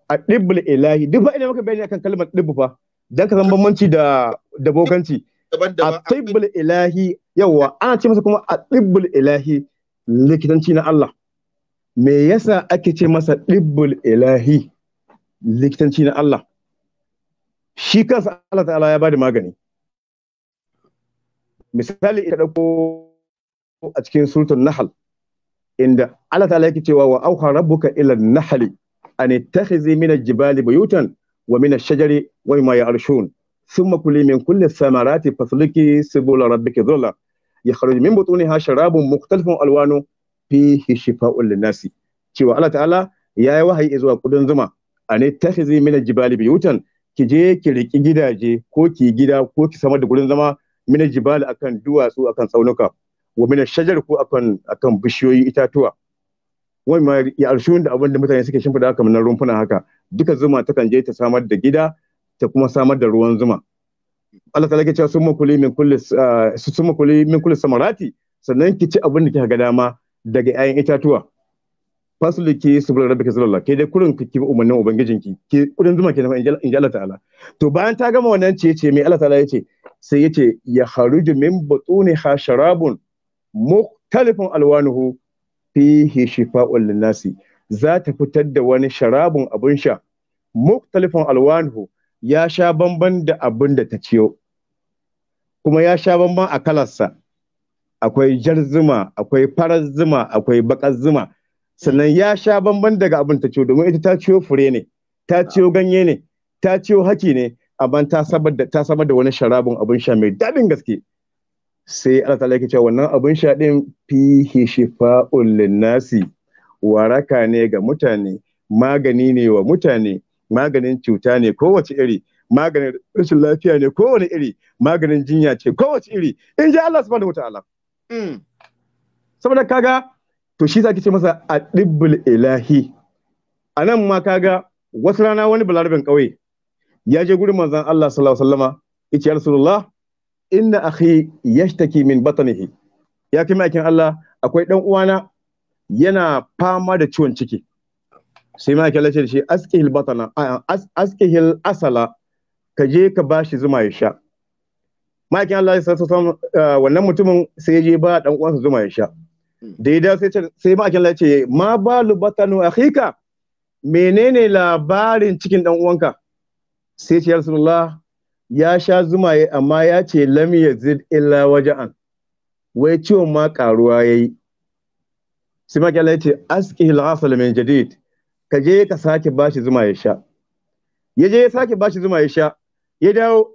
addibul ilahi duk ba ina maka bayani akan kalmar dibbu fa dan ka san bambanci da da bokanci addibul ilahi yawa ana ce masa kuma addibul ilahi likitanci na Allah me yasa ake ce masa dibbul ilahi likitanci na Allah shi kansa Allah ta'ala ya bada magani misali ita dauko a cikin sultan nahal inda Allah ta'ala yake cewa wa auha rabbuka ila nahali an ittakhizi min al-jibali buyutan wa min ash-shajari wa mimma ya'rishun thumma kuli min kulli samarati fasluki subula zalla. dhulla yakhruju min butuniha sharabun mukhtalifun alwanu fihi shifa'un linnasi. cewa Allah ta'ala ya wahayi zuwa kudin zuma a ne tahizi mina jibali biyutan ki je ki riki gidaje ko ki gida ko ki samar da gurin zama mina jibali akan duwatsu akan tsaunuka wa mina shajar ko akan akan bishiyoyi itatuwa wani ma ya arshun da abin da mutane suke shimfida haka nan rumfuna haka duka zuma takan je ta samar da gida ta kuma samar da ruwan zuma Allah ta lake cewa sun makuli min kulli ah, sun makuli min kulli samarati sannan ki ci abin da kika ga dama daga 'ya'yan itatuwa fasulu ke subul rabbika sallallahu ke dai kurin ki bi umarnin ubangijin ki kudin zuma ke in ji Allah ta'ala to bayan ta gama wannan ce ce mai Allah ta'ala yace sai yace ya kharuju min ha sharabun mukhtalifun alwanuhu fihi shifa'un linnasi za ta fitar da wani sharabun abun sha mukhtalifun alwanuhu ya sha bamban da abin da ta ciyo kuma ya sha bamban a kalarsa akwai jar zuma akwai farar zuma akwai bakar zuma sannan ya sha bamban daga abin ta ciwo domin ita ta ciwo fure ne ta ciwo ganye ne ta ciwo haki ne amma ta samar da ta samar da wani sharabin abin sha mai daɗin gaske sai Allah ta yake cewa wannan abin sha din fihi shifa'ul linnasi waraka ne ga mutane magani ne wa mutane maganin cuta ne kowace iri maganin rashin lafiya ne kowane iri maganin jinya ce kowace iri in ji Allah subhanahu wataala mm. saboda kaga to shi zaki ce masa a ɗibbul ilahi a nan ma kaga wasu rana wani balarabin ƙauye ya je gurin manzan Allah sallallahu alaihi wasallama yace ya rasulullah inna akhi yashtaki min batnihi ya kai ma'aikin Allah akwai dan uwana yana fama da ciwon ciki sai ma kalla ce da shi askihil batana askihil asala ka je ka bashi zuma ya sha ma'aikin Allah ya sallallahu wannan mutumin sai ya je ba dan uwansa zuma ya sha da ya sai sai ma akin lace ma balu batanu akhika menene labarin cikin dan uwanka sai ce rasulullah ya sha zuma amma ya ce lam yazid illa waja'an wai ciwon ma karuwa yayi sai ma Allah ce askihil asal min jadid ka je ka sake bashi zuma ya sha ya je ya sake bashi zuma ya sha ya dawo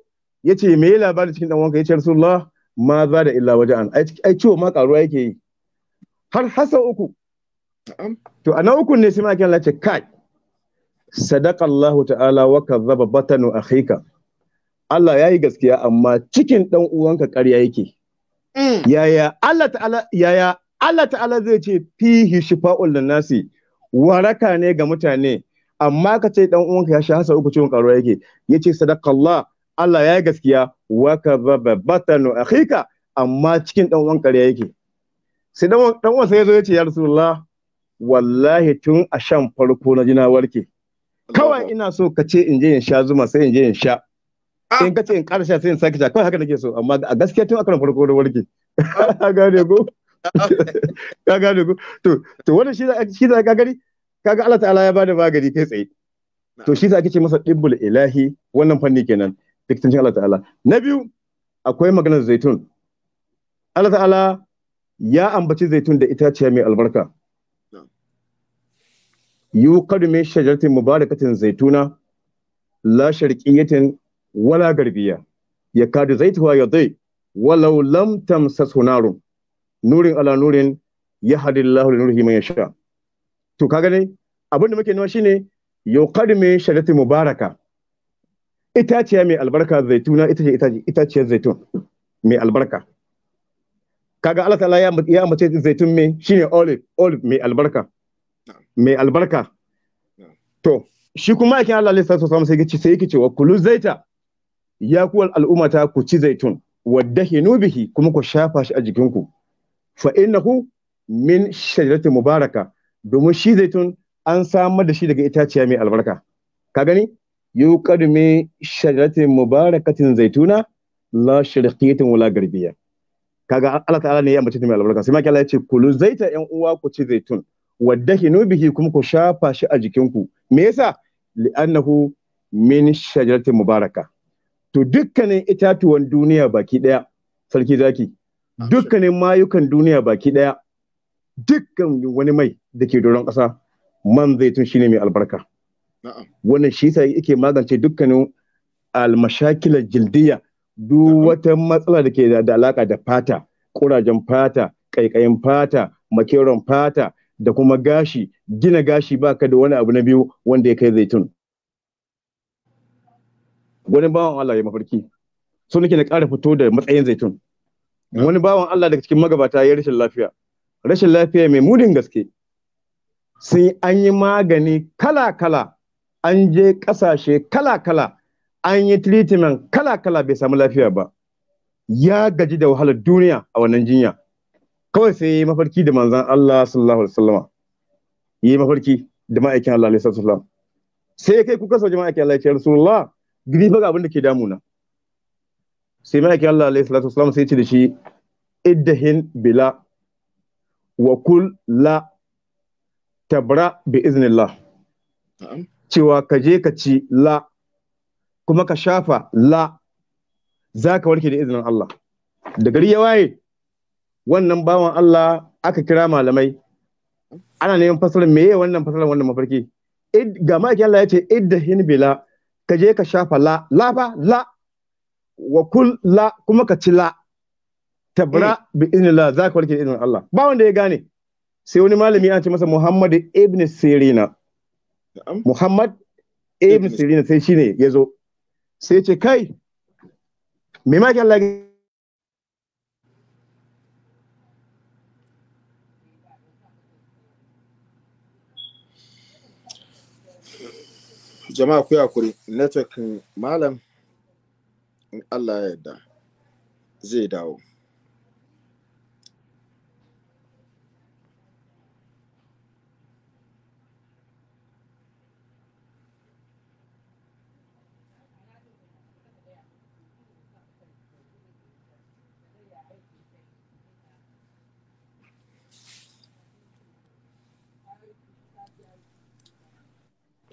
yace ce me labarin cikin dan uwanka yace rasulullah ma za da illa waja'an ai ciwon ma karuwa yake yi har hasa uku to a uku ne sai maki Allah ce kai sadaka Allah ta'ala wa kadhaba batanu akhika Allah yayi gaskiya amma cikin dan uwanka ƙarya yake mm. yaya Allah ta'ala yaya Allah ta'ala zai ce fihi shifa'ul linnasi waraka ne ga mutane amma ka ce dan uwanka ya sha hasa uku cikin ƙaro yake yace sadaka Allah Allah yayi gaskiya wa kadhaba batanu akhika amma cikin dan uwan ƙarya yake sai dan wasa ya zo ya ce ya rasulullah wallahi tun a shan farko na jina warke kawai ina so ka ce in je in sha zuma sai in je in sha ah. in ka ce in ƙara sha sai in sake sha kawai haka nake so amma a gaskiya tun a karan farko na warke ka gane ko ka gane ko to to wannan shi shi za ka gani kaga Allah ta'ala ya bada magani kai tsaye to shi za ake ce masa dibbul ilahi wannan fanni kenan diktancin Allah ta'ala na biyu akwai maganar zaitun Allah ta'ala ya ambaci zaitun da itaciya mai albarka yuqadu mai shajaratin mubarakatin zaituna la sharqiyatin wala garbiya ya zaituwa ya zai walau lam tamsashu narun nurin ala nurin yahdillahu li nurihi mai sha. to ka gani abin da muke nema shine yuqadu mai shajaratin mubaraka itaciya mai albarka zaituna ita ce itaciyar zaitun mai albarka kaga Allah ta'ala ya ya mace zaitun me shine olive olive mai albarka mai albarka to shi kuma yake Allah alaihi salatu sai yace sai yake cewa kullu zaita ya ku al'ummata ku ci zaitun hinu bihi kuma ku shafa shi a jikinku fa innahu min shajarati mubaraka domin shi zaitun an samar da shi daga itaciya mai albarka ka gani yuqad min shajarati mubarakatin zaituna la shirqiyatin wala garbiya kaga Allah ta'ala ne ya ambace ta mai albarka sai maki Allah ya ce kulu zaita yan uwa ku ci zaitun waddahinu bihi kuma ku shafa shi a jikinku me yasa annahu min shajaratin mubaraka to dukkanin itatuwan duniya baki daya sarki zaki dukkanin mayukan duniya baki daya dukkan wani mai da ke doron ƙasa man zaitun shine mai albarka wannan shi yasa yake magance dukkanin almashakilar jildiya duk wata matsala da ke da alaka da fata ƙurajen fata kaikayin fata makeron fata da kuma gashi gina gashi baka da wani abu na biyu wanda ya kai zaitun wani bawan Allah ya mafarki so nake na ƙara fito da matsayin zaitun wani bawan Allah daga cikin magabata ya rashin lafiya rashin lafiya mai mudin gaske Sai an yi magani kala-kala an je ƙasashe kala-kala an yi treatment kala-kala bai samu lafiya ba ya gaji da wahalar duniya a wannan jinya kawai sai ya yi mafarki da manzan Allah sallallahu alaihi wasallama ya yi mafarki da ma'aikin Allah alaihi wasallam sai kai kuka sauke ma'aikin Allah ya ce Rasulullah gidi ba abin da ke damuna sai ma'aikin Allah alaihi salatu wasallam sai ya ce da shi iddahin bila wa kul la tabra bi iznillah cewa ka je ka ci la kuma ka shafa la za ka warke da izinin Allah da gari ya waye wannan bawan Allah aka kira malamai ana neman fasalar meye wannan fasalar wannan mafarki ga ma'aikin Allah ya ce idda hinbila ka je ka shafa la la fa la wa kul la kuma ka ci la tabra mm. bi la. za ka warke da izinin Allah ba wanda ya gane sai wani malami an ce masa Muhammad ibn Sirina Muhammad ibn Sirina sai shine ya zo sai ce kai mai maki Allah jama'a ku yakuri network malam in Allah ya yarda zai dawo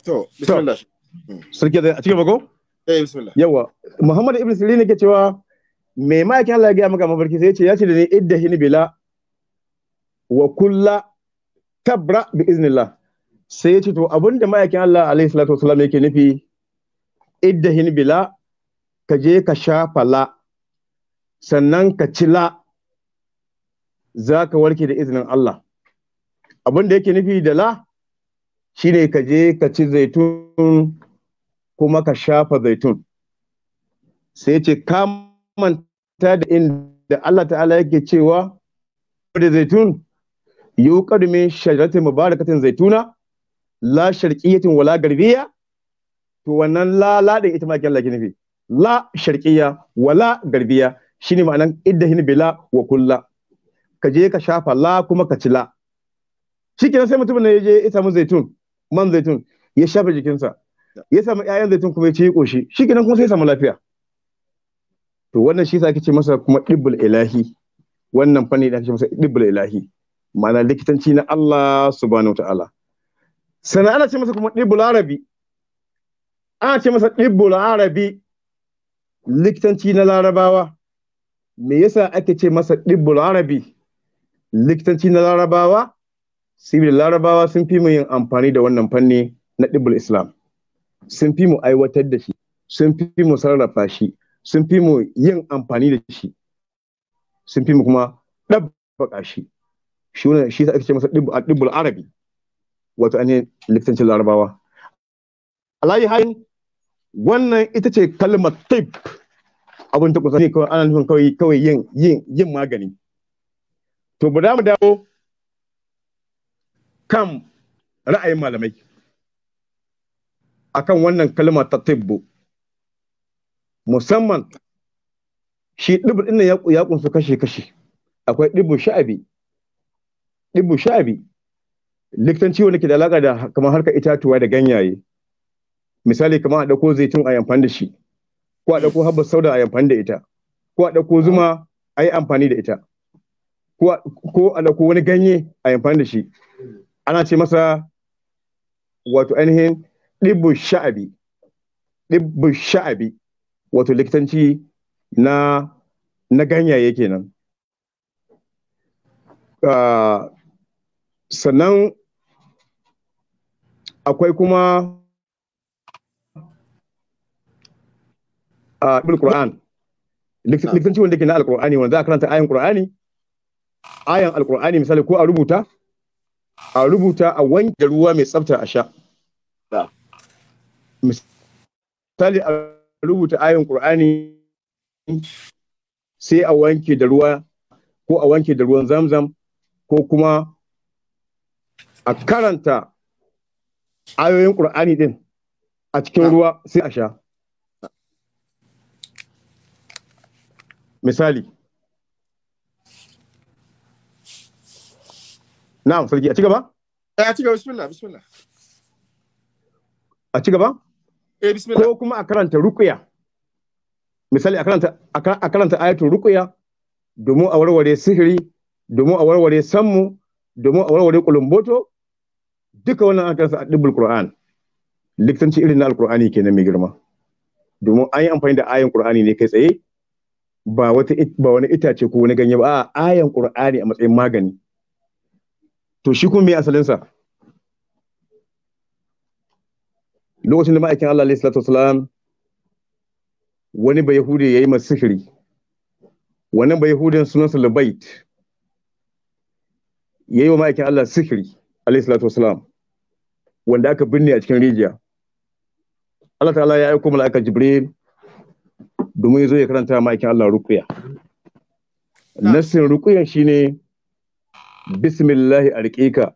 To, bismillah. Mm. Sarki da a cikin bako? Eh, bismillah. Yawa, Muhammad Ibn cewa me ma Allah ya gaya maka mafarki sai ya ce ya ce da ni idda bila wa kulla tabra bi iznillah. Sai ya ce to abinda ma'aikin Allah alaihi salatu yake nufi idda hin bila ka je ka shafa la sannan ka ci la za ka warke da izinin Allah. Abin da yake nufi da la ne ka je ka ci zaitun kuma ka shafa zaitun sai ce kamanta da inda Allah ta'ala yake cewa da zaitun yuqadu min shajaratin mubarakatin zaituna la tun wala garbiya to wannan la la ita ma ke Allah nufi la sharqiya wala garbiya shine ma'anan iddahin bila wa kulla ka je ka shafa la kuma ka ci la Cikina sai mutumin ne ya je ya samu zaitun man zaitun ya shafe jikinsa ya samu ƴaƴan zaitun kuma ya ce ya koshi shi kenan kuma sai ya samu lafiya to wannan shi yasa ake ce masa kuma dibbul ilahi wannan fanni da ake ce masa dibbul ilahi ma'ana likitanci na Allah subhanahu ta'ala sannan ana ce masa kuma dibbul arabi ana ce masa dibbul arabi likitanci na larabawa me yasa ake ce masa dibbul arabi likitanci na larabawa saboda larabawa sun fi mu yin amfani da wannan fanni na ɗibul islam sun fi mu aiwatar da shi sun fi mu sarrafa shi sun fi mu yin amfani da shi sun fi mu kuma ɗabbaka shi shi wani shi ake ce masa ɗibbul arabi wato ainihin liftancin larabawa alayi hain wannan ita ce kalmar taib abin ta kusa ne kawai ana nufin kawai yin yin magani to ba da mu dawo kan ra'ayin malamai akan wannan kalma ta tibbu musamman shi ɗibir ɗin ya kunsu kashe-kashe akwai ɗibin sha'abi ɗibin sha'abi liktanci wanda ke da alaƙa da kamar harkar itatuwa da ganyaye misali kamar a ɗauko zaitun a yamfan da shi ko a ɗauko habbar sauda a yamfan da ita ko a ɗauko zuma a yi amfani da ita ko a ɗauko wani ganye a yamfan da shi ana ce masa wato ainihin ɗibbu sha'abi ɗibbu sha'abi wato likitanci na na ganyaye kenan uh, sannan akwai kuma a uh, Qur'an likitanci wanda ke na alkur'ani wanda za a karanta ayin qur'ani ayan alkur'ani misali ko a rubuta a rubuta a wanke ruwa mai tsafta a sha misali a rubuta ayin ƙur'ani sai a wanke da ruwa ko a wanke da ruwan zamzam ko kuma a karanta ayoyin ƙur'ani din a cikin ruwa sai a sha misali na'am sarki a ci gaba eh, a ci gaba bismillah bismillah a ci gaba eh bismillah ko kuma a karanta ruqya misali a karanta a karanta ayatul ruqya domin a warware sihiri domin a warware sammu domin a warware kulumboto duka wannan an karanta a dubul qur'an likitanci irin na al Al-Qur'ani kenan mai girma domin an yi amfani da ayan qur'ani ne kai tsaye ba wata ba wani itace ko wani ganye ba a ayan qur'ani a matsayin magani to shi kuma mai asalinsa lokacin da ma'aikin Allah alaihi salatu wasalam wani bayahudi yayi masa sihiri wannan bai yahudin sunansa labait yayi wa ma'aikin Allah sihiri alaihi salatu wasalam wanda aka binne a cikin rijiya Allah ta'ala ya aiko mala'ika Jibril domin ya zo ya karanta ma'aikin Allah rukuya nasin rukuyan shine bismillahi arqika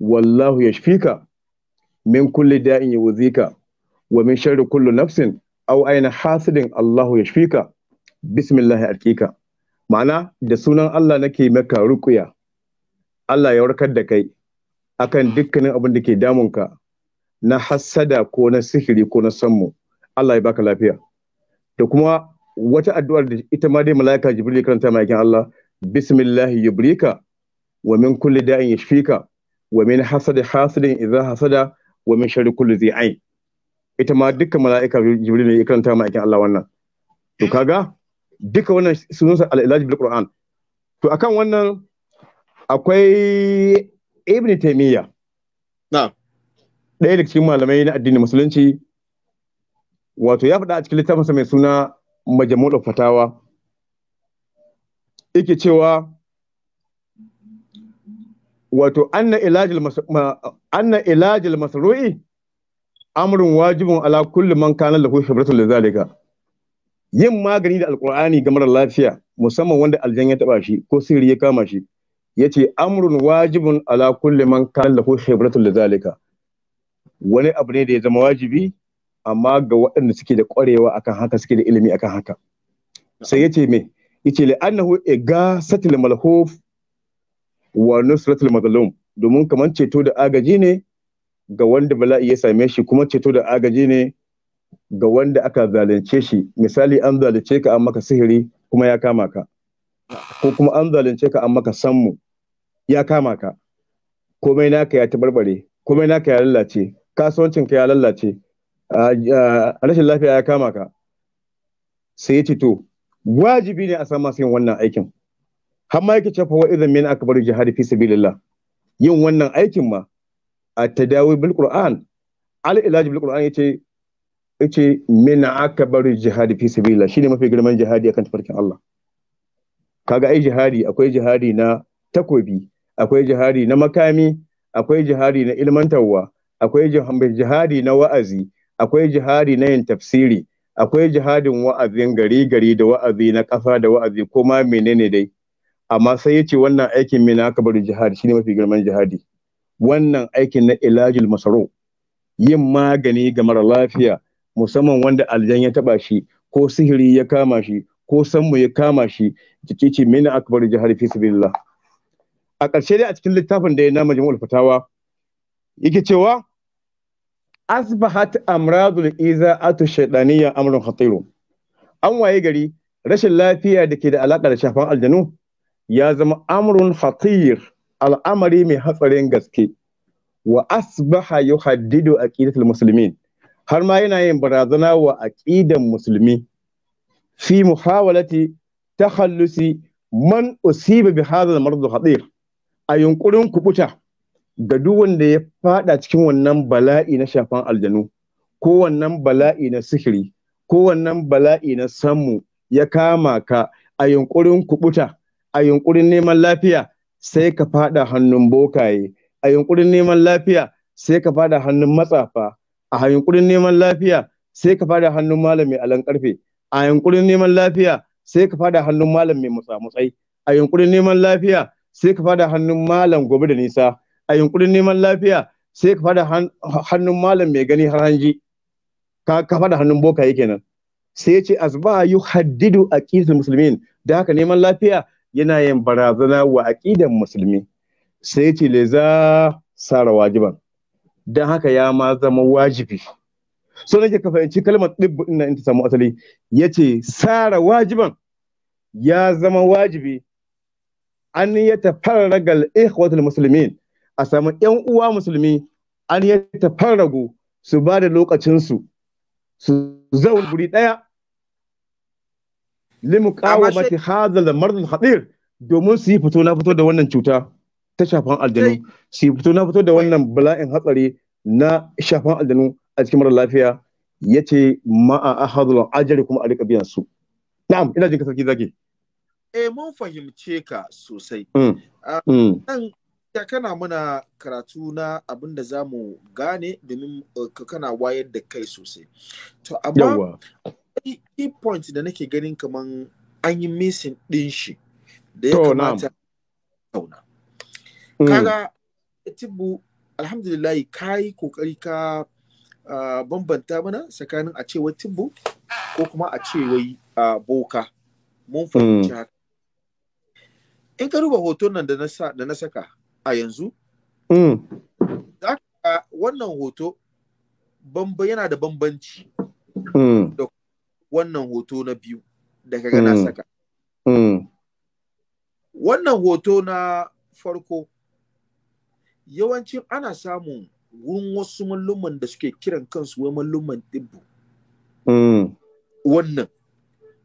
wallahu yashfika min kulli da'in yuzika wa min sharri kullu nafsin aw aina hasidin Allahu yashfika bismillahi arqika ma'ana da sunan Allah nake maka ruƙuya Allah ya warkar da kai akan dukkanin abin da ke ka na hassada ko na sihiri ko na sammu Allah ya baka lafiya da kuma wata addu'ar da ita ma dai mala'ika Jibril karanta mai Allah bismillahi yubrika wa min داء يشفيك ومن wa min اذا حسد ومن شر wa min عين ita ma dukkan mala'ika jibril ne ya karanta ma aikin Allah wannan to kaga duka wannan sunansa al-ilaj bil qur'an to akan wannan akwai ibn taymiya na ɗaya daga cikin malamai na addinin musulunci wato ya faɗa a cikin littafinsa mai suna majmu'ul fatawa yake cewa wato anna ilajil anna ilajil masru'i amrun wajibun ala kulli man kana lahu khibratu lidhalika yin magani da alqur'ani ga marar lafiya musamman wanda aljan ya taba shi ko sirri ya kama shi yace amrun wajibun ala kulli man kana lahu khibratu zalika wani abu ne da ya zama wajibi amma ga waɗanda suke da ƙwarewa akan haka suke da ilimi akan haka sai yace me yace la'annahu annahu igasatil malhuf wa nusratul mazlum domin kamar ceto da agaji ne ga wanda bala'i ya same shi kuma ceto da agaji ne ga wanda aka zalunce shi misali an zalunce ka an maka sihiri kuma ya kama ka ko kuma an zalunce ka an maka sammu ya kama ka komai naka ya tabarbare komai naka ya lallace kasuwancin ka ya lallace rashin lafiya ya kama ka sai ya ce to wajibi ne a san masu yin wannan aikin har ma yake cewa wa idan min akbar jihadi fi sabilillah yin wannan aikin ma a tadawi bil qur'an al ilaj bil qur'an yace yace min akbar jihadi fi sabilillah shine mafi girman jihadi akan tafarkin Allah kaga ai jihadi akwai jihadi na takobi akwai jihadi na makami akwai jihadi na ilmantarwa akwai jihadi na wa'azi akwai jihadi na yin tafsiri akwai jihadin wa'azin gari gari da wa'azi na kafa da wa'azi ko ma menene dai amma sai ya ce wannan aikin mina aka bari jihadi shine mafi girman jihadi wannan aikin na ilajil masaro yin magani ga mara lafiya musamman wanda aljan ya taba shi ko sihiri ya kama shi ko sanmu ya kama shi jiki ce mina akbar jihar fi sabilillah a ƙarshe dai a cikin littafin da ya na majmu'ul fatawa yake cewa asbahat amradul iza'atu shaydaniyya amrun khatirun an waye gari rashin lafiya da ke da alaƙa da shafan aljanu ya zama amrun khatir al'amari mai hatsarin gaske wa asbaha yuhaddidu aqidatul muslimin har ma yana yin barazana wa aqidan musulmi fi muhawalati takhallusi man usiba bi hadha al khatir a yunkurin kubuta ga duk wanda ya fada cikin wannan bala'i na shafan aljanu ko wannan bala'i na sihiri ko wannan bala'i na samu ya kama ka a yunkurin kubuta a yunkurin neman lafiya sai ka fada hannun bokaye a yunkurin neman lafiya sai ka fada hannun matsafa a yunkurin neman lafiya sai ka fada hannun malami alan karfe a yunkurin neman lafiya sai ka fada hannun malam mai mutsamutsai a yunkurin neman lafiya sai ka fada hannun malam gobe da nisa a yunkurin neman lafiya sai ka fada hannun malam mai gani har hanji ka fada hannun bokaye kenan sai ya ce azba yu haddidu aqidatul muslimin da haka neman lafiya yana yin barazana wa aƙidan musulmi sai ce le za sara wajiban don haka ya ma zama wajibi so nake ka fahimci kalmar ɗibbu ina in ta samu asali ya ce sara wajiban ya zama wajibi an ta farraga ikhwatul musulmin a samu 'yan uwa musulmi an ta tafarragu su ba da lokacinsu su zaun guri ɗaya limuqawamati hadha al-marad al domin su yi fito na fito da wannan cuta ta shafan aljanu su yi fito na fito da wannan bala'in hatsari na shafan aljanu a cikin mara lafiya ya ce ma'a a ahadul ajiyar kuma a rika su na'am ina jin ka sarki zaki eh mun fahimce ka sosai dan kana muna karatu na abin da za mu gane domin kana wayar da kai sosai to amma key point da nake ganin kaman an yi missing ɗin shi da ya kamata tauna. Mm. Kaga Tibu alhamdulillah ka yi kokari ka bambanta mana tsakanin a cewa Tibu ko kuma a cewa Boka. Mun fahimci mm. haka. In ka duba hoton nan da na saka a yanzu, mm. wannan hoto yana da bambanci. da wannan hoto na biyu da kaga na mm. saka. Mm. Wannan hoto na farko yawancin ana samun wurin wasu malluman da suke kiran kansu wai malluman dibbu. Mm. Wannan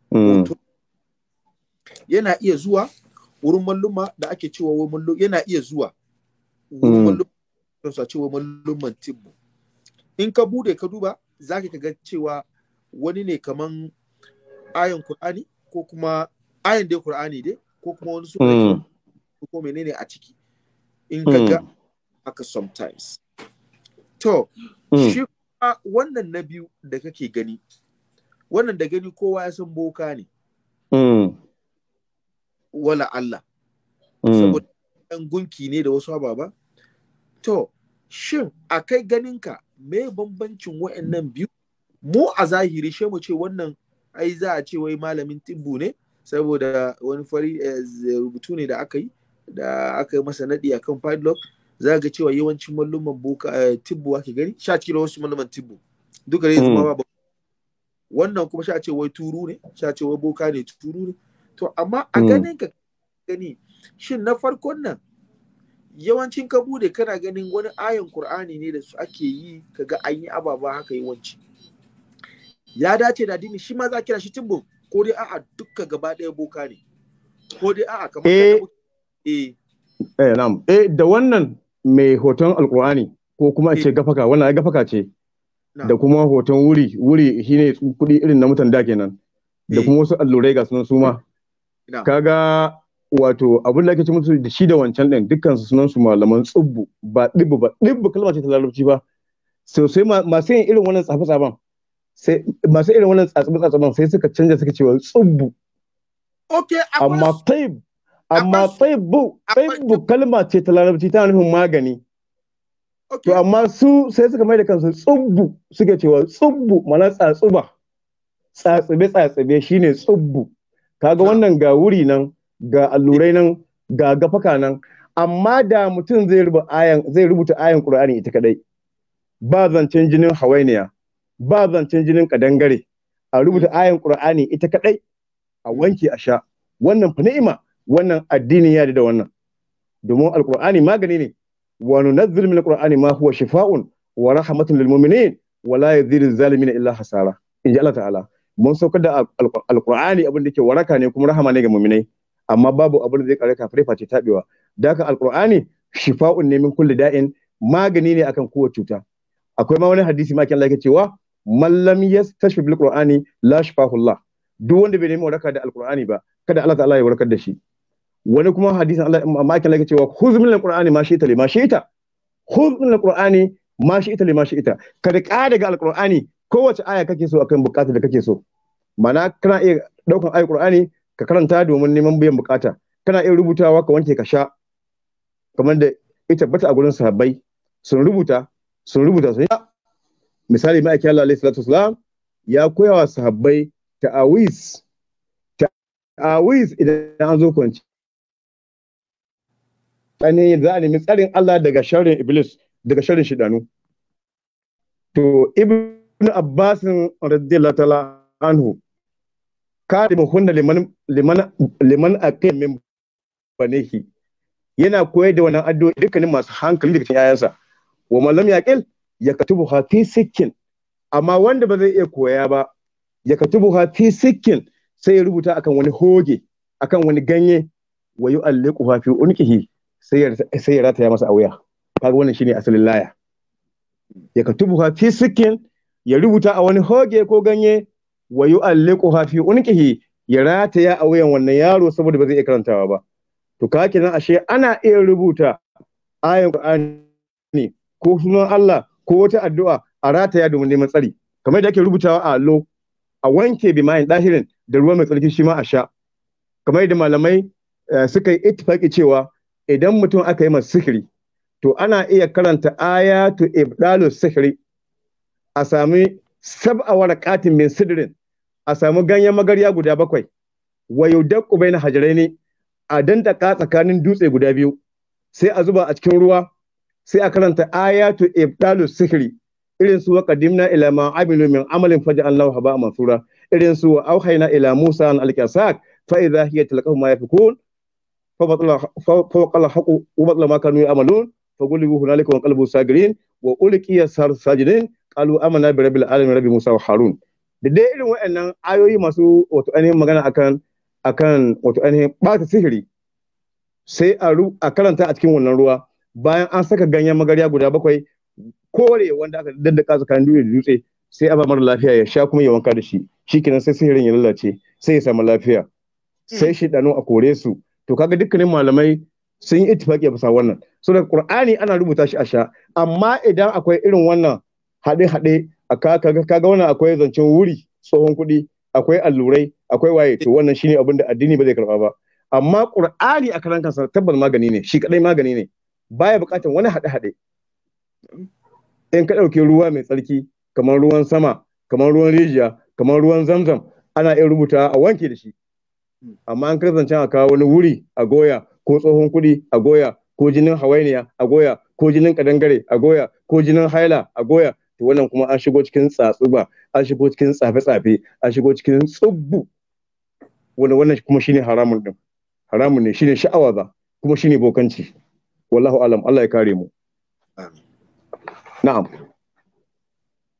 hoto yana iya zuwa wurin malluma da ake cewa wai mallum yana iya zuwa wurin malluma ake cewa malluman tibbu. In ka bude ka duba za ka ga cewa wani ne kaman ayon Kur'ani ko kuma ayan dai Kur'ani dai ko kuma wani sura mm. ko menene a ciki in ka ga hmm. haka sometimes to mm. shi wannan na biyu da kake gani wannan da gani kowa ya san boka ne mm. wala Allah hmm. saboda gunki ne da wasu ababa to shin a kai ganinka me bambancin wa'annan biyu mu a zahiri shi mu ce wannan ai za a ce wai malamin tibbu ne saboda wani fari eh, rubutu ne da aka yi da aka yi masa naɗi akan padlock za ga cewa yawancin malluman boka eh, tibbu ake gani sha cikin wasu malluman tibbu duka ne zama hmm. ba wannan kuma sha ce wai turu ne sha ce wai boka ne turu ne to amma a hmm. ganin ka gani shin na farkon nan yawancin ka bude kana ganin wani ayan qur'ani ne da su ake yi kaga an yi ababa haka yawanci ya dace da addini shi ma za kira shi timbo ko dai a'a dukka gaba ɗaya boka ne ko dai a'a kamar eh eh. eh na'am eh da wannan mai hoton alkur'ani ko kuma a ce eh. gafaka wannan ai gafaka ce da kuma hoton wuri wuri shine kuɗi irin na mutan da kenan da eh. kuma wasu allurai ga sunan suma kaga wato abin da ake ce musu da shi da wancan din dukkan su sunan su malaman tsubbu ba dibbu ba dibbu kalmar ce ta larabci ba sosai masu yin irin wannan tsafe tsaban sai masu irin wannan tsatsumin sai suka canza suka cewa tsubbu amma taib amma taibu taibu kalma ce ta larabci tana nufin magani to amma su sai suka mai da kansu tsubbu suka cewa tsubbu mana tsatsuba tsatsube tsatsube shine tsubbu kaga wannan ga wuri nan ga allurai nan ga gafaka nan amma da mutum zai rubuta ayan zai rubuta ayan Qur'ani ita kadai ba zancen jinin hawainiya ba zancen jinin kadangare a rubuta mm. ayan qur'ani ita kadai a wanke a sha wannan fa ni'ima wannan addini ya da wannan domin alqur'ani magani ne wa nunazzilu min alqur'ani ma huwa shifaa'un wa rahmatun lil mu'minin wa la yadhiru zalimin illa hasara inji Allah ta'ala mun saukar da alqur'ani abin da yake waraka ne kuma rahama ne ga mu'minai amma babu abin da zai kare fare face tabewa daka alqur'ani shifa'un ne min kulli da'in magani ne akan kowace cuta akwai ma wani hadisi ma kin Allah cewa mallam yastashfi bil qur'ani la shifahullah duk wanda bai nemi waraka da alqur'ani ba kada Allah ta'ala ya warkar da shi wani kuma hadisin Allah amma kin lake cewa khudh min alqur'ani ma shi'ta li ma shi'ta khudh min alqur'ani ma shi'ta li ma shi'ta ka daga alqur'ani kowace aya kake so akan bukatar da kake so mana kana iya daukan ayar qur'ani ka karanta domin neman biyan bukata kana iya rubutawa ka wanke ka sha kamar da ita bata a gurin sahabbai sun rubuta sun rubuta sun misali ma'aiki Allah alaihi salatu wasalam ya koya wa sahabbai ta'awiz ta'awiz idan an zo kwanci tsani za a nemi tsarin Allah daga sharrin iblis daga sharrin shidanu to ibn Abbas radiyallahu ta'ala anhu mu hunna liman liman liman aqim min banihi yana koyar da wannan addu'o'i dukkanin masu hankali daga cikin yayansa wa mallam yaqil ya katubu fi sikkin amma wanda ba zai iya koya ba ya katubu fi sikkin sai ya rubuta akan wani hoge akan wani ganye wa yu'alliqu fi unqihi sai sai ya rataya masa a wuya kaga wannan shine asalin laya ya katubu fi sikkin ya rubuta a wani hoge ko ganye wa yu'alliqu fi unqihi ya rataya a wuyan wannan yaro saboda ba zai iya karantawa ba to kake nan ashe ana iya rubuta ayan Qur'ani ko sunan Allah ko wata addu'a a rataya domin neman tsari kamar da ake rubutawa a allo a wanke bimayin dahirin da ruwa mai tsarki shi ma a sha kamar da malamai eh, suka yi ittifaki cewa idan mutum aka yi masa sihiri to ana iya karanta ayatu ibdalu sihiri a sami sab'a katin min sidrin a sami ganyen magarya guda bakwai wa na baina ne. a dandaka tsakanin dutse guda biyu sai a zuba a cikin ruwa sai a karanta ayatu ibdalu sihri irin su wa qadimna ila ma amilu min amalin faj'alnahu haba mansura irin su wa auhayna ila musa an alqasak fa idha hiya talqahu ma yafikun fa batala fa qala haqu wa batala ma kanu ya'malun fa gulibu hunalika wa qalbu sagirin wa ulqiya sajidin qalu amanna bi rabbil alamin rabbi musa wa harun da dai irin waɗannan ayoyi masu wato ainihin magana akan akan wato ainihin ɓata sihiri sai a karanta a cikin wannan ruwa bayan an saka ganyen magarya guda bakwai kore wanda aka daddaka tsakanin dutse da dutse sai a mara lafiya ya sha kuma ya wanka da shi shikenan sai sihirin ya lalace sai ya samu lafiya sai dano a kore su to kaga dukkanin malamai sun yi ittifaki bisa wannan so da qur'ani ana rubuta shi a sha amma idan akwai irin wannan haɗe haɗe kaga wannan akwai zancen wuri tsohon kuɗi akwai allurai akwai waye to wannan shine abin da addini ba zai karba ba amma qur'ani a karan kansa tabbas magani ne shi kadai magani ne baya buƙatar wani haɗe-haɗe in ka ɗauki ruwa mai tsarki kamar ruwan sama kamar ruwan rijiya kamar ruwan zamzam ana iya rubuta a wanke da shi amma an can a kawo wani wuri a goya ko tsohon kuɗi a goya ko jinin hawainiya a goya ko jinin kadangare a goya ko jinin haila a goya to wannan kuma an shigo cikin tsatsuba an shigo cikin tsafe-tsafe an shigo cikin tsubbu wannan kuma shine haramun din haramun ne shine sha'awa ba kuma shine bokanci wallahu alam Allah ya kare mu na'am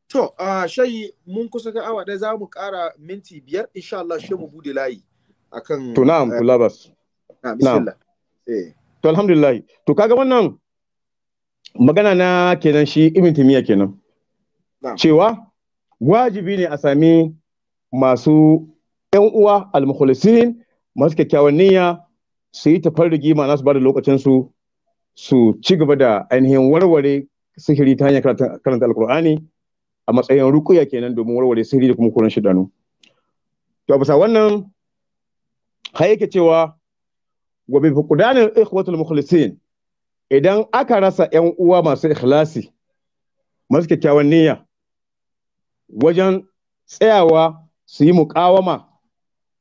to a shayi mun kusa ga awa da za mu kara minti biyar insha Allah shi mu bude layi akan to na'am eh, kula labas. na'am eh to alhamdulillah to kaga wannan magana na kenan shi ibn timiya kenan cewa wajibi ne a sami masu ‘yan uwa al-mukhlisin masu kyakkyawan niyya su yi tafarrugi ma nasu ba da lokacinsu su ci gaba da ainihin warware sihiri ta hanyar karanta alkur'ani a matsayin rukuya kenan domin warware sihiri da kuma kuran shidanu to bisa wannan har yake cewa wa bi fuqdanil ikhwatul mukhlisin idan aka rasa yan uwa masu ikhlasi masu kyakkyawan niyya wajen tsayawa su yi muƙawama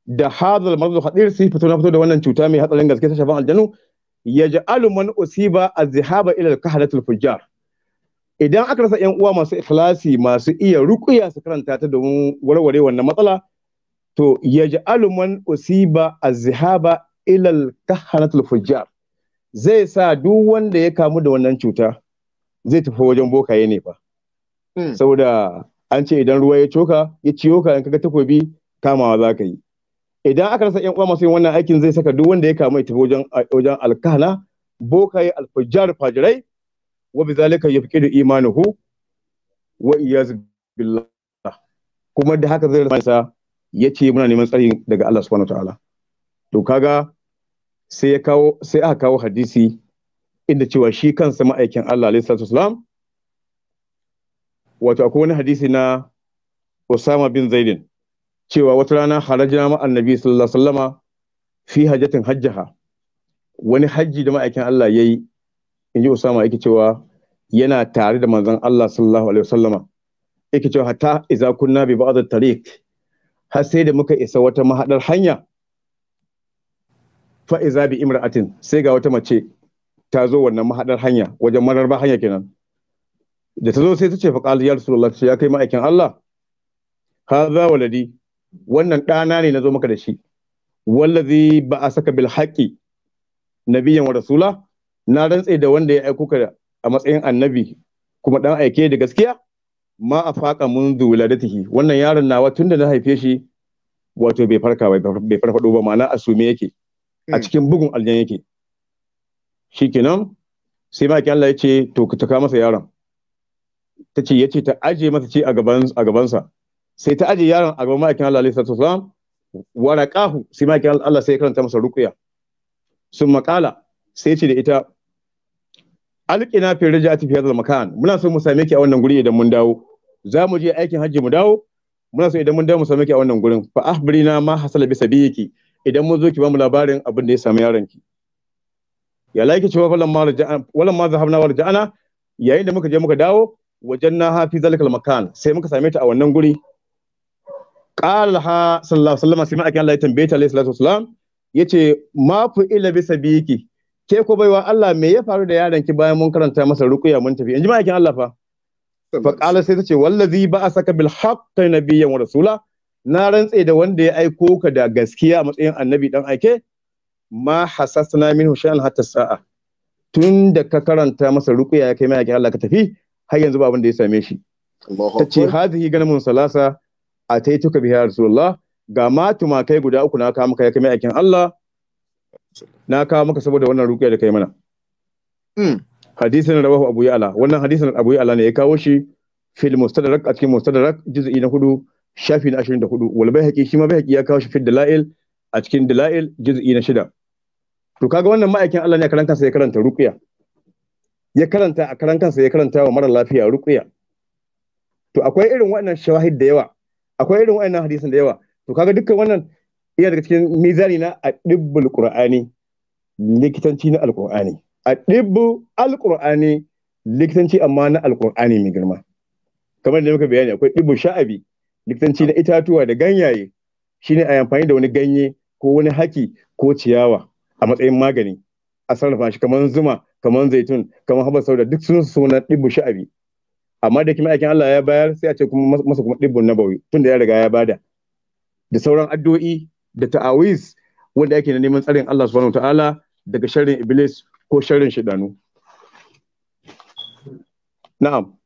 da hadal marzul hadir su fito na fito da wannan cuta mai hatsarin gaske ta shafan aljanu yaj'alu man usiba az-zihaba ila al-kahalatil fujjar idan aka rasa yan uwa masu ikhlasi masu iya ruƙuya su karanta ta domin warware wannan matsala to yaj'alu man usiba az-zihaba ila al fujjar zai sa duk wanda ya kamu da wannan cuta zai tafi wajen bokaye ne ba. Hmm. saboda an ce idan ruwa ya coka ya ciyo ka in kaga takobi kamawa za ka yi idan aka rasa yan uwa masu yin wannan aikin zai saka duk wanda ya kama ita tafi wajen wajen alkana ya alfajar fajirai wa bizalika yafqidu imanuhu wa iyaz billah kuma da haka zai rasa ya ce muna neman tsari daga Allah subhanahu wataala to kaga sai ya kawo sai aka kawo hadisi inda cewa shi kansa ma'aikin Allah alaihi salatu wasalam wato akwai wani hadisi na Osama bin Zaidin cewa wata rana harajina ma annabi sallallahu alaihi wasallama fi hajjatin hajjaha wani hajji da ma'aikin Allah ya yi yayi inji Usama yake cewa yana tare da manzon Allah sallallahu alaihi wasallama yake cewa hatta idza kunna bi ba'd tariq har sai da muka isa wata mahadar hanya fa iza bi imra'atin sai ga wata mace ta zo wannan mahadar hanya wajen marar ba hanya kenan da ta zo sai ta ce fa qala ya rasulullah ya kai ma'aikin Allah hadha waladi wannan ɗana ne na zo maka da shi wallazi ba a saka bil haƙi nabiyan wa rasula na rantse da wanda ya aiko ka a matsayin annabi kuma dan aike da gaskiya ma a faƙa mun zuladatihi wannan yaron nawa tun da na haife shi wato bai farka bai farfado ba ma'ana a sume yake a hmm. cikin bugun aljan yake shikenan sai ma Allah ya ce to ka taka masa yaron ta ce ya ta aje masa ce a gabansa sai ta aje yaron a gaban ma'aikin Allah alaihi salatu wasalam sai ma'aikin Allah sai ya karanta masa ruqya sun makala sai ce da ita alƙina fi raja'ati fi da makan muna so mu same ki a wannan guri idan mun dawo za mu je aikin hajji mu dawo muna so idan mun dawo mu same ki a wannan gurin fa ahbirina ma hasala bi sabiki idan mun zo ki ba mu labarin abin da ya samu yaron ki ya laiki cewa walan ma raja'ana walan ma zahabna wa raja'ana yayin da muka je muka dawo wajen na hafi zalikal makan sai muka same ta a wannan guri qalaha sallallahu alaihi wasallam sai ma'aikin Allah ya alaihi salatu wasallam yace ma fu ila bi sabiki ke ko baiwa Allah me ya faru da yaron ki bayan mun karanta masa ruqya mun tafi inji ma'aikin Allah fa fa qala sai tace wallazi ba'asaka bil haqqi nabiyyan wa rasula na rantse da wanda ya aiko ka da gaskiya a matsayin annabi dan aike ma hasasna minhu shay'an hatta sa'a tun da ka karanta masa ruqya ya kai ma'aikin Allah ka tafi har yanzu ba abin da ya same shi tace hadhihi ganamun salasa a ta yi tuka biya rasulullah ga ma tumakai guda uku na kawo maka ya kai mai aikin Allah na kawo maka saboda wannan ruƙiya da kai mana hmm. hadisin rabahu abu ya'la wannan hadisin abu ya'la ne ya kawo shi fil mustadrak a cikin mustadrak juz'i na hudu shafi na ashirin da hudu wal baihaqi shi ma baihaqi ya kawo shi fil dalail a cikin dalail juz'i na shida to kaga wannan ma'aikin Allah ne karan kansa ya karanta ruqya ya karanta a karan kansa ya karanta wa mara lafiya ruqya to akwai irin wannan shawahid da yawa akwai irin wa'annan hadisin da yawa to kaga dukkan wannan iya daga cikin mizani na a dibbul qur'ani likitanci na alqur'ani a dibbu alqur'ani likitanci amma na alqur'ani mai girma kamar da muka bayani akwai dibbu sha'abi likitanci na itatuwa da ganyaye shine a amfani da wani ganye ko wani haki ko ciyawa a matsayin magani a sarrafa shi kamar zuma kamar zaitun kamar haɓar sauda duk sun suna ɗibu sha'abi amma da kuma aikin Allah ya bayar sai a ce kuma masa kuma dibbun nabawi tunda ya riga ya bada da sauran addu'o'i da ta'awiz wanda yake na neman tsarin Allah subhanahu ta'ala daga sharrin iblis ko sharrin shidanu na'am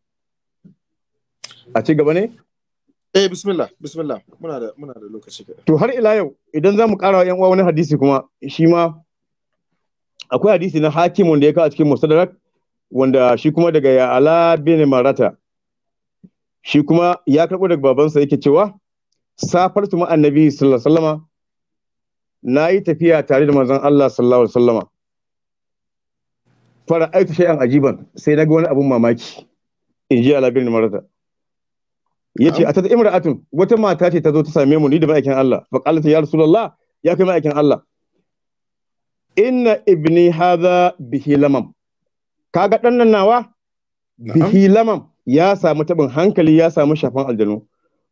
a ci gaba ne eh bismillah bismillah muna da muna da lokaci to har ila yau idan zamu ƙara yan uwa wani hadisi kuma shi ma akwai hadisi na hakimun wanda ya kawo a cikin mustadrak wanda shi kuma daga ala bene marata shi kuma ya karɓo daga babansa yake cewa safar tuma annabi sallallahu alaihi wasallama na yi tafiya tare da manzon Allah sallallahu alaihi wasallama fara aitu shay'an ajiban sai na ga wani abun mamaki in ji ala bene marata yace atat imra'atun wata mata ce ta zo ta same mu ni da ma'aikin Allah fa qalat ya rasulullah ya kai ma'aikin Allah inna ibni hadha bihi lamam kaga ɗan nan nawa bihi lamam ya samu tabin hankali ya samu shafan aljanu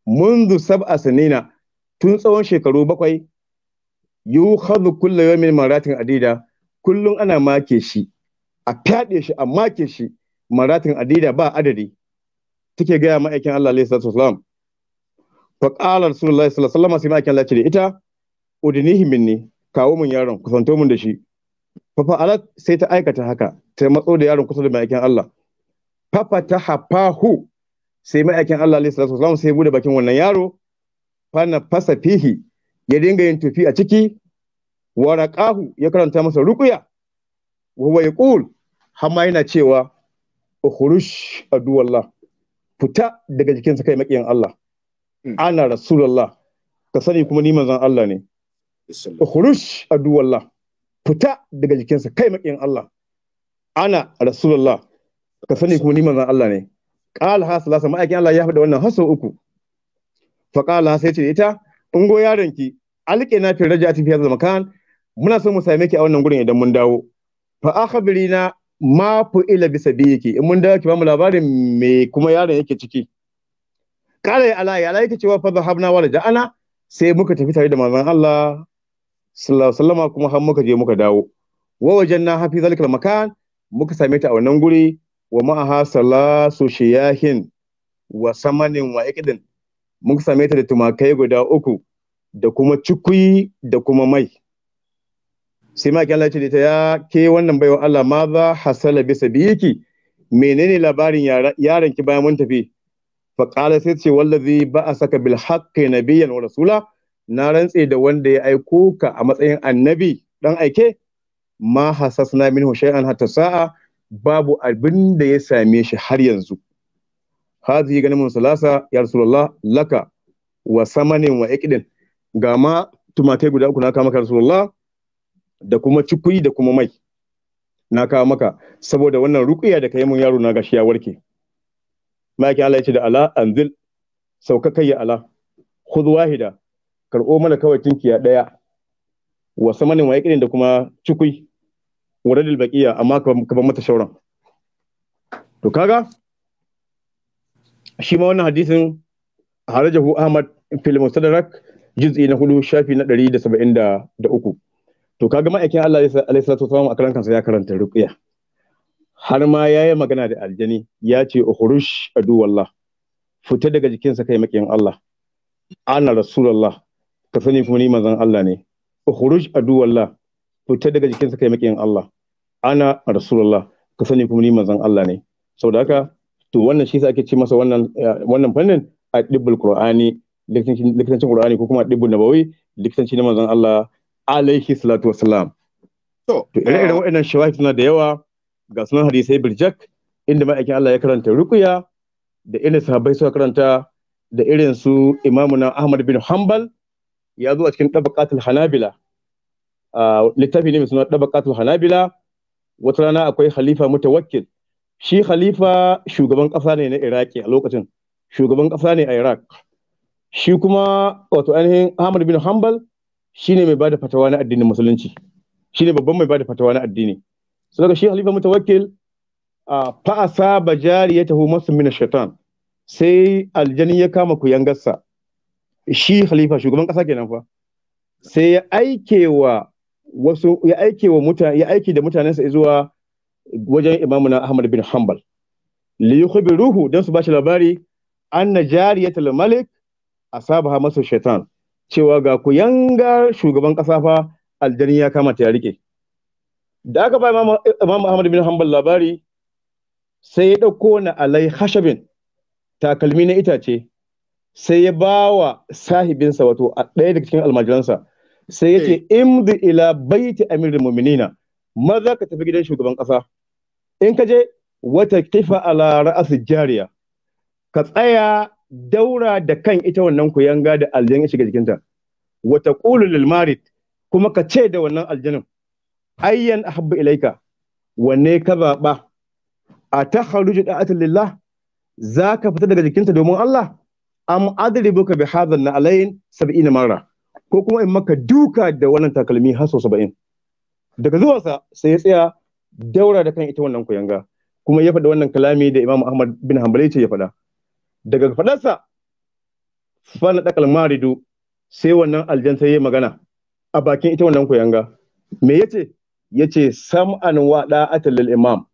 منذ سبع سنين tun tsawon shekaru bakwai yu khadhu kullu yawmin maratin adida kullun ana make shi a fyaɗe shi a make shi maratin adida ba adadi take gaya ma'aikin Allah alaihi salatu wasalam fa qala rasulullahi sallallahu alaihi wasallam sai ma'aikin Allah ce ita udinihi minni kawo mun yaron kusanto mun da shi Papa fa'alat sai ta aikata haka ta matso da yaron kusa da ma'aikin Allah fafa ta hafahu sai ma'aikin Allah alaihi salatu wasallam sai bude bakin wannan yaro fana fasa fihi ya dinga yin tufi a ciki ƙahu ya karanta masa Rukuya, wa ya ƙul, hama yana cewa a aduwallah fita daga jikinsa kai maƙiyan Allah hmm. ana rasulallah. ka sani kuma ni manzan Allah ne a aduwallah fita daga jikinsa kai maƙiyin Allah ana rasulullah ka sani kuma ni manzon Allah ne qala ha salasa ma'aikin Allah ya faɗa wannan hasu uku fa qala sai ce ita in go yaron ki alƙe na fi a fi hadha makan muna so mu same ki a wannan gurin idan mun dawo fa akhbirina ma fu ila bi sabiyiki in mun dawo ki ba mu labarin me kuma yaron yake ciki qala ya ala ya ala yake cewa fa zahabna wa ja'ana sai muka tafi tare da manzon Allah sallallahu sallama kuma har muka je muka dawo wa wajen na hafi zalikal makan muka same ta a wannan guri wa ma'aha salasu shiyahin wa samanin wa ikidin muka same ta da tumakai guda uku da kuma cikuyi da kuma mai sai ma Allah ce da ta ya ke wannan baiwa Allah ma za hasala bisa biyiki menene labarin yaran ki bayan mun tafi fa qala sai ce wallazi ba a saka bil haqqi nabiyyan wa rasula na rantse da wanda ya aiko ka a matsayin annabi dan aike ma hasasna minhu shay'an hatta sa'a babu abin da ya same shi har yanzu hazi ganin mun salasa ya rasulullah laka wa samanin wa iqdin ga ma tumatai guda uku na kama maka rasulullah da kuma cikuri da kuma mai na kawo maka saboda wannan ruqiya da kai mun yaro na gashi ya warke maki Allah ya ce da ala anzil sauka kai ya ala khudh wahida karɓo mana kawai tunkiya ɗaya wa samanin wa da kuma cikui wa radil baƙiya amma ka ban mata shauran to kaga shi ma wannan hadisin a hu ahmad fil Sadarak, jizi na hudu shafi na ɗari da da saba'in uku. to kaga ma'aikin Allah alaihi salatu wasalam a karan kansa ya karanta ruqya har ma ya yi magana da aljani ya ce uhurush adu wallah fita daga jikinsa kai Allah ana rasulallah. ka sani kuma ni manzon Allah ne ukhruj aduwallah fita daga sa kai makiyin Allah ana rasulullah ka sani kuma ni manzon Allah ne saboda haka to wannan shi sa ake ce masa wannan wannan fannin a dibbul qur'ani likitancin qur'ani ko kuma dibbul nabawi likitanci na manzon Allah alaihi salatu wassalam to ire-iren waɗannan shawahid suna da yawa ga sunan hadisai birjak inda ma'aikin Allah ya karanta ruqya da irin sahabbai suka karanta da irin su imamuna Ahmad bin Hanbal ya zo a cikin dabaqatul hanabila littafi ne mai suna dabaqatul hanabila wata rana akwai khalifa mutawakkil shi khalifa shugaban ƙasa ne na iraki a lokacin shugaban ƙasa ne a iraq shi kuma wato ainihin ahmad bin hanbal shine mai da fatawa na addinin musulunci ne babban mai bada fatawa na addini saboda shi khalifa mutawakkil jari ya tafi masu mina shaitan sai aljani ya kama kuyangarsa shi khalifa shugaban ƙasa kenan fa sai ya aike wa wasu ya aike wa mutane ya aike da mutanensa zuwa wajen imamu na Ahmad bin Hanbal li yukhbiruhu dan su bashi labari anna jariyatul malik asabaha masu shaitan cewa ga ku yanga shugaban kasa fa aljani ya kama ta rike da aka ba imamu Ahmad bin Hanbal labari sai ya dauko na alai khashabin takalmi na itace sai ya ba wa sahibinsa wato a ɗaya daga cikin almajiransa sai ya ce eh. imdi ila baiti amirul mu'minina maza ka tafi gidan shugaban ƙasa in ka je wata kifa ala ra'asi jariya ka tsaya daura da kan ita wannan kuyanga da aljan ya shiga jikinta wata qulu lil marid kuma ka ce da wannan aljanin ayyan ahabba ilaika wanne ka zaɓa a ta kharuju da atallillah, za ka fita daga jikinta domin Allah am adribuka bi hadha na alayn 70 marra ko kuma in maka duka da wannan takalmi har sau 70 daga zuwansa sai ya tsaya daura da kan ita wannan kuyanga kuma ya faɗi wannan kalami da Imam Ahmad bin Hanbali ce ya faɗa daga faɗarsa fana dakal maridu sai wannan aljan sai ya magana a bakin ita wannan kuyanga me yace yace sam'an wa da'atul imam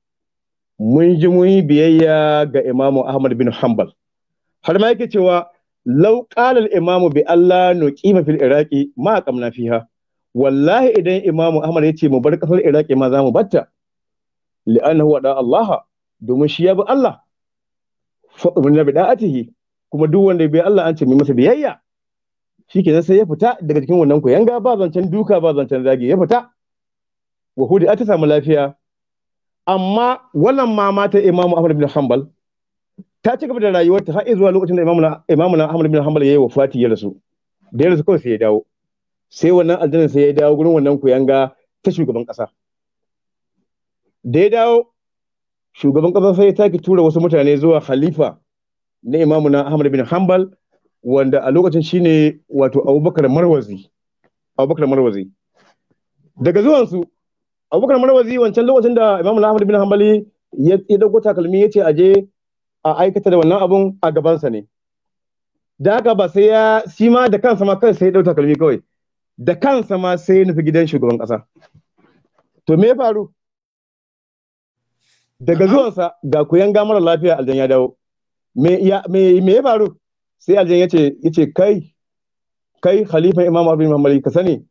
mun ji mun biyayya ga Imam Ahmad bin Hanbal har ma yake cewa law imamu bi Allah kima fil iraki ma qamna fiha wallahi idan imamu Ahmad ya ce mu bar kasar Iraki ma za mu batta li'annahu wada Allah domin shi ya bi Allah faɗin na atihi, kuma duk wanda bi Allah an ce mai masa biyayya shi sai ya fita daga cikin wannan yanga ba zancen duka ba zancen zagi ya fita wahudi ta samu lafiya amma wannan ma mata imamu Ahmad bin Hanbal ta ci gaba da rayuwarta har zuwa lokacin da imamuna imamuna Ahmad bin Hanbal yayi wafati ya rasu da ya rasu kawai sai ya dawo sai wannan aljanna sai ya dawo gurin wannan kuyanga ta shugaban kasa da ya dawo shugaban kasa sai ya take tura wasu mutane zuwa khalifa na imamuna Ahmad bin Hanbal wanda a lokacin shine wato Abubakar Marwazi Abubakar Marwazi daga zuwansu Abubakar Marwazi wancan lokacin da imamuna Ahmad bin Hanbal ya dauko takalmi yace aje a aikata da wannan abun a gabansa ne da haka ba sai ya shi ma da kansa ma kansa sai ya ɗau takalmi kawai da kansa ma sai ya nufi gidan shugaban ƙasa to me ya faru daga zuwansa ga kuyan gamar lafiya aljan ya dawo me ya faru sai aljan ya ce kai kai khalifan imam abu muhammad ka sani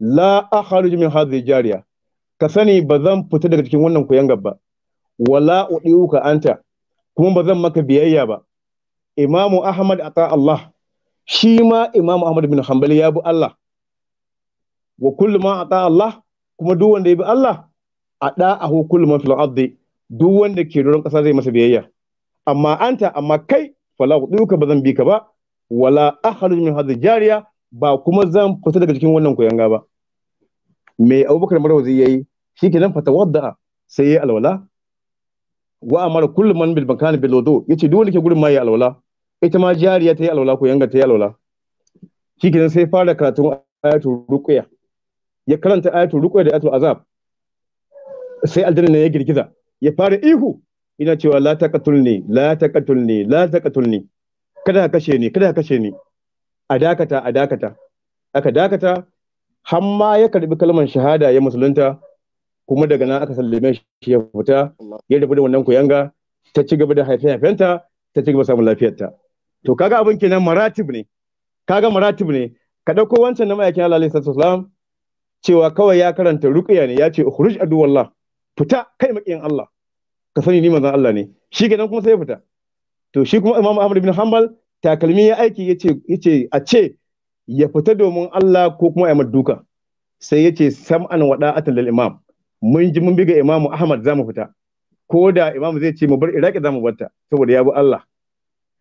la akhruj min hadhihi jariya ka sani ba zan fita daga cikin wannan kuyan gaba wala udiuka anta kuma ba zan maka biyayya ba imamu ahmad ata Allah shi ma imamu ahmad bin hanbali ya bi Allah wa kullu ma ata Allah kuma duk wanda ya bi Allah a hu kullu man fil ardi duk wanda ke doron kasa zai masa biyayya amma anta amma kai fala duka ba zan bi ka ba wala akhruj min hadhihi jariya ba kuma zan fita daga cikin wannan koyanga ba me abubakar marwazi yayi shi ke nan fatawadda sai yayi alwala wa amar kullu man bil makan bil wudu yace duk wanda ke gurin ma ya alwala ita ma jariya ta yi alwala ko yanga ta yi alwala shikenan sai fara karatun ayatul ruqya ya karanta ayatul ruqya da ayatul azab sai aljanna ya girgiza ya fara ihu ina cewa la taqatulni la taqatulni la taqatulni kada ka kashe ni kada ka kashe ni a dakata a dakata aka dakata har ma ya karbi kalmar shahada ya musulunta kuma daga nan aka sallame shi ya fita ya tafi da wannan kuyanga ta ci gaba da haife-haifenta ta ci gaba samun lafiyarta to kaga abin kenan maratib ne kaga maratib ne ka dauko wancan na ma'aikin Allah alaihi salatu cewa kawai ya karanta ruqya ne ya ce adu wallah fita kai makiyin Allah ka sani ni manzon Allah ne shi kenan kuma sai ya fita to shi kuma Imam Ahmad bin Hanbal takalmi ya aiki yace yace a ce ya fita domin Allah ko kuma ya duka sai yace sam'an wada'atan lil imam mun ji mun bi ga imamu ahmad za mu fita ko da imamu zai ce mu bar iraki za mu barta saboda ya bi allah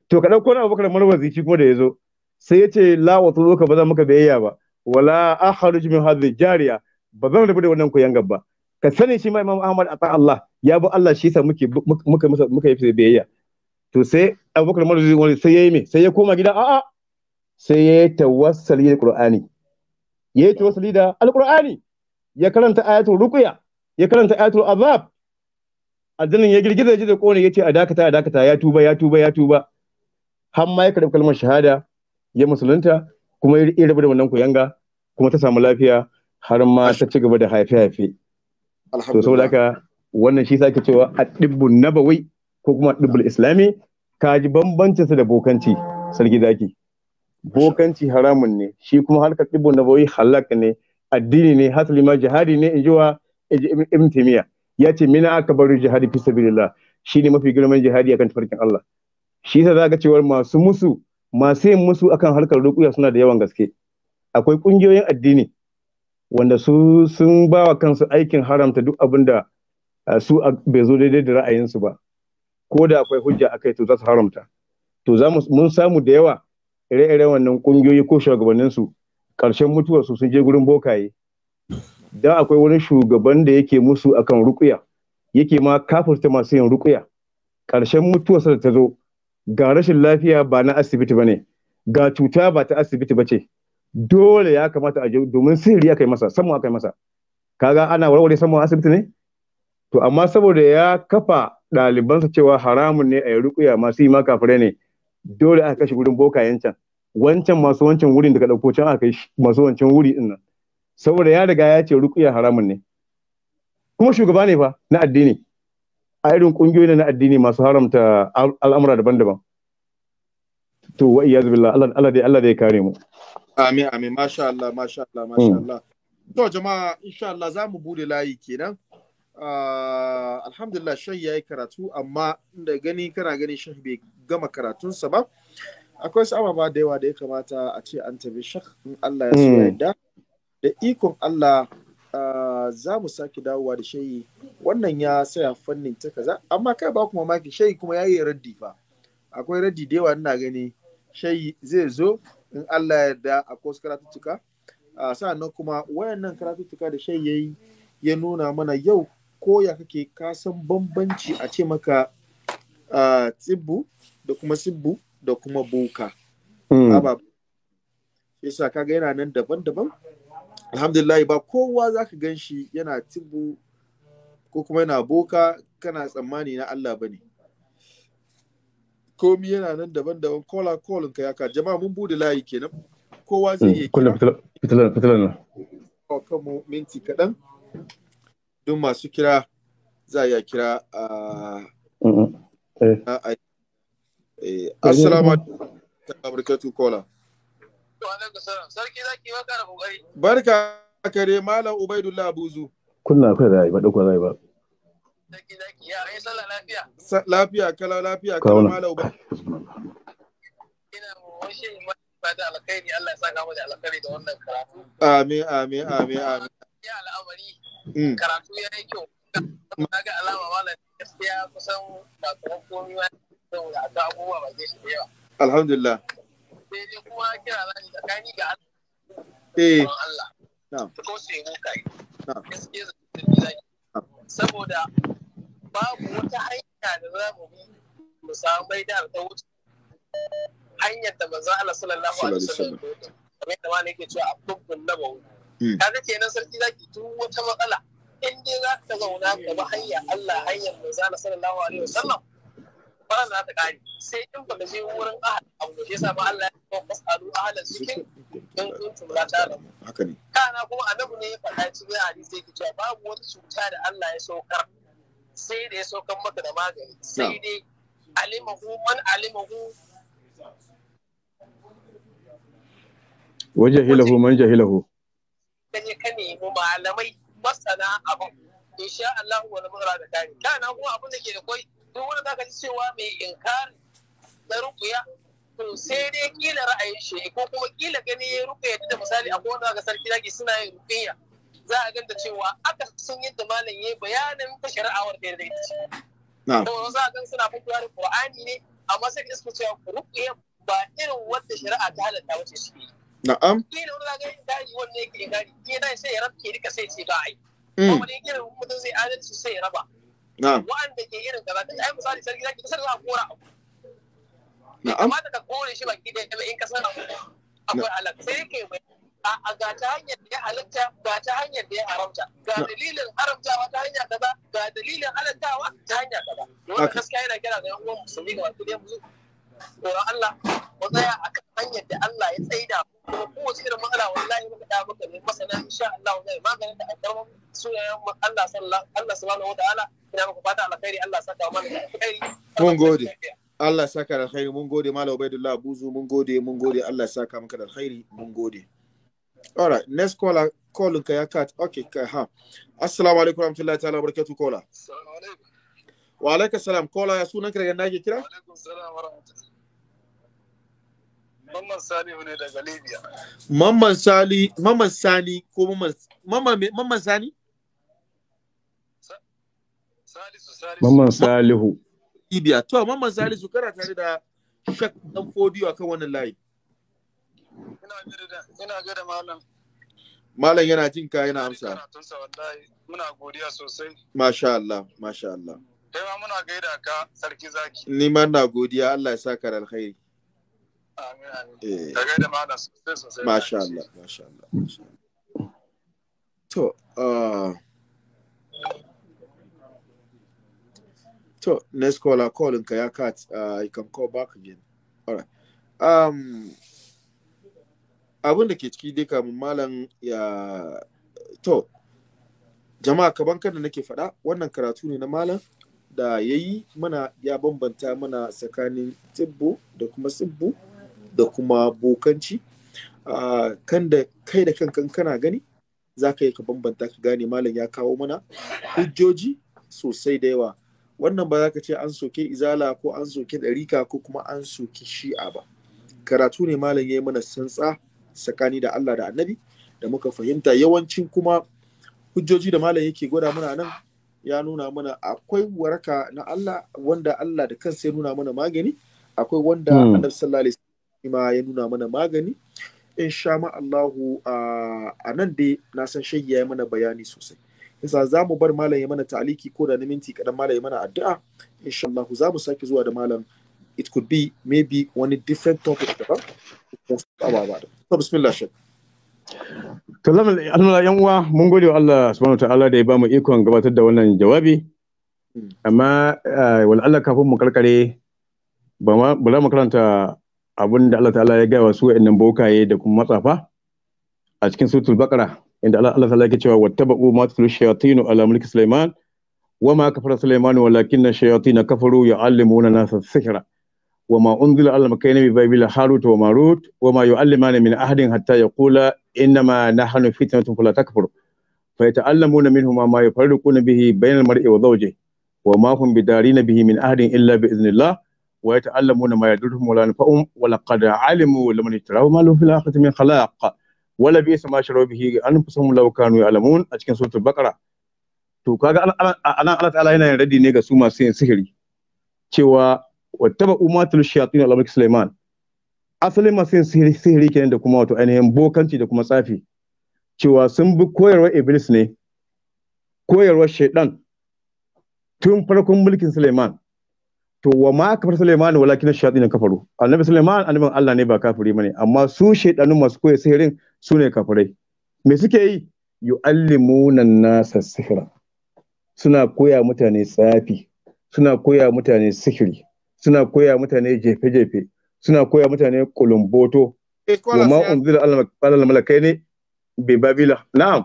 to ka ɗauko na abubakar marwazi shi kuma da ya zo sai ya ce la wa tsoka ba za muka biyayya ba wala akhruj min hadhihi jariya ba zan rabu da ku yan gaba ka sani shi ma imam ahmad ata allah ya bi allah shi sa muke muka muka yi biyayya to sai abubakar marwazi wani sai ya yi me sai ya koma gida a'a sai ya yi tawassali da qur'ani ya yi tawassali da alqur'ani ya karanta ayatul ruqya ya karanta ayatul azab addinin ya girgiza ya ji da kone yace a dakata a dakata ya tuba ya tuba ya tuba har ma ya karɓi kalmar shahada ya musulunta kuma ya rabu da wannan kuyanga kuma ta samu lafiya har ma ta ci gaba da haife haife to saboda haka wannan shi sake cewa ad nabawi ko kuma ad islami ka ji bambancin sa da bokanci sarki zaki bokanci haramun ne shi kuma harkar dibbun nabawi halak ne addini ne hasali ma jihadi ne in ji wa ibn taymiya ya ce mina aka bar jihadi fi sabilillah shine mafi girman jihadi akan tafarkin Allah shi yasa zaka cewa masu musu masu yin musu akan harkar rukuya suna da yawan gaske akwai kungiyoyin addini wanda su sun ba wa kansu aikin haramta duk abin da su bai zo daidai da ra'ayinsu ba ko da akwai hujja akai to za su haramta to za mun samu da yawa ire ire wannan kungiyoyi ko shugabanninsu ƙarshen mutuwarsu sun je gurin bokaye da akwai wani shugaban da yake musu akan rukuya yake ma kafirta masu yin rukuya ƙarshen mutuwarsa da ta zo ga rashin lafiya ba na asibiti ba ne ga cuta ba ta asibiti ba ce dole ya kamata a domin sihiri aka yi masa samu aka yi masa kaga ana warware samun asibiti ne to amma saboda ya kafa ɗalibansa cewa haramun ne a yi rukuya masu yi ma fure ne dole aka kashe wurin boka can wancan masu wancan wurin daga ɗauko can aka yi masu wancan wuri ɗin nan saboda ya riga ya ce rukuya haramun ne kuma shugaba ne fa na addini a irin kungiyoyi na addini masu haramta al'amura daban-daban to wa iyaz billah Allah Allah dai Allah dai kare mu amin amin masha Allah masha Allah masha hmm. Allah to jama'a insha Allah za mu bude layi kenan ah, alhamdulillah shahi ya yi karatu amma da gani kana gani shahi bai gama karatunsa ba akwai su ababa da yawa da ya kamata a ce an tabi shak in Allah ya so yadda hmm. da ikon Allah za mu sake dawowa da shayi wannan ya saya fannin ta kaza amma kai ba kuma maki shayi kuma ya yi raddi fa akwai raddi da yawa ina gani shayi zai zo in Allah ya yarda akwai wasu karatuttuka uh, sa'annan kuma wayannan karatuttuka da shayi ya yi ya nuna mana yau ko ya kake kasan bambanci a ce maka tsibbu da kuma sibbu da kuma boka. Mm. Yasa kaga yana nan daban-daban alhamdulillah ba kowa za ka gan shi yana tibu ko kuma yana boka kana tsammani na Allah ba ne komi yana nan daban-daban kola kolin ka yaka jama'a mun bude layi kenan kowa zai yi. kira fitilar fitilar nan kan mu minti kaɗan don masu kira za a iya kira a eh. Eh, assalamu alaikum barakatuh kola Sarki zaki ba kara kokari. Barka kare Malam Ubaidullah Buzu. Kunna kai da ba dauka zai ba. Sarki sallah lafiya. Lafiya kala lafiya kala Malam Ubaidullah. Ina ba Allah da wannan karatu. Amin amin amin amin. al'amari. Karatu ya mm. kyau. Na ga alama malam gaskiya kusan ba kuma komai saboda Alhamdulillah. sai kuma kira za ni tsakani ga Allah. Eh. Allah. Ko sai mu kai. Gaskiya zai saboda babu wata hanya da za mu bi mu samu mai da ta wuce hanyar da manzo Allah sallallahu alaihi wasallam kamar da wani yake cewa abubbun nabawi hmm. kaga kenan sarki zaki duk wata matsala in dai za ka zauna ka bi hanya Allah hanyar manzo Allah sallallahu alaihi wasallam ba za ta kare sai in ba ka je wurin ahad abu da sa ba Allah fasalu ahla zikr in kuntum la ta'lamun haka ne kana kuma annabi ne ya faɗa cikin hadisi yake cewa babu wata cuta da Allah ya saukar sai da ya saukar maka da magani sai dai alimahu man alimahu Wajen wajahilahu man jahilahu kaje ka mu malamai masana abin insha Allah wani mura da kare kana kuma abin da ke da kwai, duk wanda zaka ji cewa mai inkari na rukuya to sai dai kila ra'ayin shi ko kuma kila gani ya rufe ya da misali a kowane ga sarki zaki suna yin rufiya za a ganta cewa aka sun yadda malam ya bayanin ta shari'awar da ya daita ce. To za a gan suna fitowa da Qur'ani ne amma sai iska cewa rufiya ba irin wadda shari'a ta halatta wace shi yi. Na'am. Kila wani zaga yin dari wannan yake yin dari kila dai sai ya rabke duka sai ce ba ai. Kuma ne kila mutum zai adalci sai ya raba. Na'am. Wa'anda ke irin kaza ai misali sarki zaki kasar za a kora abu. amma da ka kore shi baki da in ka sana akwai alaka sai yake mai a ga ta hanyar da ya halatta, ga ta hanyar da ya haramta ga dalilin haramtawa ta hanya kaza ga dalilin halittawa ta hanya kaza wannan gaskiya yana kira ga uwan musulmi da wato da musu tsoron Allah mu tsaya akan hanyar da Allah ya tsaida kuma kowace irin matsala wallahi muka da muka ne masana insha Allah zai maganin da a alƙarma sunayen Allah sallallahu Allah subhanahu wa ta'ala ina muku fata alkhairi Allah saka mana alkhairi mun gode Allah saka da alkhairi mun gode Malam Ubaidullah Buzu mun gode mun gode Allah saka maka da alkhairi mun gode. All right, next caller call ka ya cut. Okay, ka ha. Assalamu alaikum warahmatullahi ta'ala barakatu caller. Wa alaikum salam caller ya sunan ka daga nake kira? Mamman sani ne daga Libya. Mamman Sali, Mamman Sani ko Mamman Mamman Mamman Sani? Mamman Salihu. Libya to amma man su kara tare da shak dan fodiyo akan wannan layi ina gida ina gare malam malam yana jin ka yana amsa Ina tunsa wallahi, muna godiya sosai masha Allah masha Allah kai ma muna gaida ka sarki zaki ni ma na godiya Allah ya saka da alkhairi amin amin eh. ka gaida malam sosai sosai masha Allah masha Allah to ah uh... to next caller, calling cut Uh, you can call back again. All right. Um, abin da ke ciki dai kamun malam ya to jama'a kaban kan da nake faɗa wannan karatu ne na malam da ya yi mana ya bambanta mana tsakanin tibbo da kuma tsibbo da kuma bokanci uh, kan da kai da kankan gani za ka yi ka bambanta ka gane malam ya kawo mana hujjoji sosai da yawa wannan ba za ka ce an soke izala ko an soke ɗarika ko kuma an soke shi'a ba karatu ne malam ya yi mana santsa tsakani da Allah da annabi da muka fahimta yawancin kuma hujjoji da malam yake gwada mana nan ya nuna mana akwai waraka na Allah wanda Allah da kansa ya nuna mana magani akwai wanda hmm. annabi sallallahu alaihi wasallam ya nuna mana magani in sha ma Allahu ah, a nan dai na san shayya ya yi mana bayani sosai yasa za mu bar malam ya mana ta'aliki ko da na minti kadan malam ya mana addu'a insha Allah za mu sake zuwa da malam it could be maybe wani different topic daban to bismillah shek to alhamdulillah yan uwa mun gode wa Allah subhanahu ta'ala da ya bamu ikon gabatar da wannan jawabi hmm. amma eh, wal Allah kafin mu karkare ba za mu karanta abin da Allah ta'ala ya gaya wa su wa'annan bokaye da kuma matsafa a cikin suratul baqara عند الله تعالى كتب واتبعوا ما تتلو الشياطين على ملك سليمان وما كفر سليمان ولكن الشياطين كفروا يعلمون الناس السحر وما انزل على المكين ببابل هاروت وماروت وما يعلمان من احد حتى يقول انما نحن فتنه فلا تكفر فيتعلمون منهما ما يفرقون به بين المرء وزوجه وما هم بدارين به من احد الا باذن الله ويتعلمون ما يدرهم ولا نفعهم ولقد علموا لمن اشتراه ما له في الاخره من خلاق wala bi sama sharo bihi an fusum law kanu ya'lamun a cikin suratul baqara to kaga anan Allah ta'ala yana yin radi ne ga su masu yin sihiri cewa wattaba umatul shayatin ala mulki sulaiman asalin masu yin sihiri kenan da kuma wato ainihin bokanci da kuma tsafi cewa sun bi koyarwar iblis ne koyarwar shaidan tun farkon mulkin sulaiman to wa ma kafar Sulaiman walakin shayatin kafaru annabi Sulaiman annabin Allah ne ba kafiri bane amma su shaydanun masu koyi sihirin su ne kafirai me suke yi yu'allimuna nasa sihira suna koya mutane tsafi suna koya mutane sihiri suna koya mutane jefe-jefe suna koya mutane kulumboto eh, wa ma unzila alal malakai ne bi babila na'am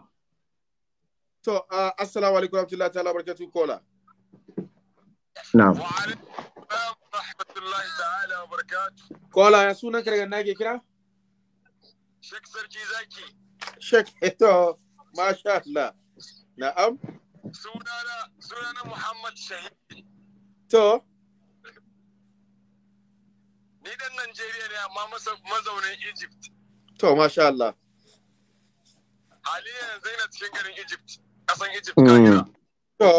to uh, assalamu alaikum rahmatullahi wa barakatuh kola na'am kola ya sunan kirgan nage kira Sheikh Sarki Zaki. Sheikh ito, masha Allah. Na'am. Sunana, Muhammad Shahid. To. Ni dan Najeriya ne amma mazaunin Egypt. To, masha Allah. Hali yanzu yana cikin garin Egypt, kasan Egypt mm. kan To.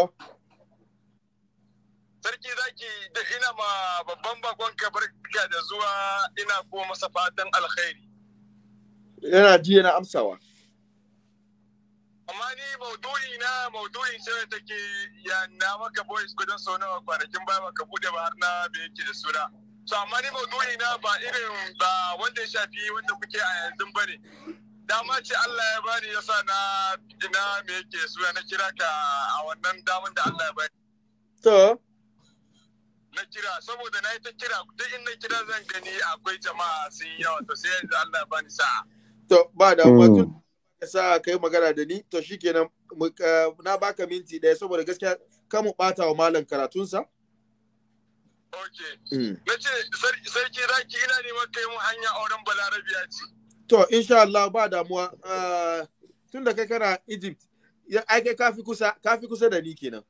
sarki zaki da ina ma babban bakon ka barka da zuwa ina ko masa fatan alkhairi yana ji yana amsawa amma ni maudu'i na maudu'i sai take ya na maka boys gudan so nawa kwanakin baya ka bude ba har na bai yake da suna so amma ni maudu'i na ba irin ba wanda ya shafi wanda kuke a yanzu bane dama ce Allah ya bani ya sa na ina me yake suna na kira ka a wannan damar da Allah ya bani to na kira saboda na yi ta kira duk in na kira zan gani akwai jama'a sun yawa to sai yanzu Allah bani sa'a to ba hmm. da wato ka sa kai magana da ni to shikenan eh, na baka minti daya saboda gaskiya kan mu ɓata wa malam karatunsa Okay. Hmm. Na ce sarki zaki ina neman kai mu hanya auren balarabiya ce. To insha Allah ba damuwa eh, tun da kai kana Egypt ai kai kafi kusa kusa da ni kenan.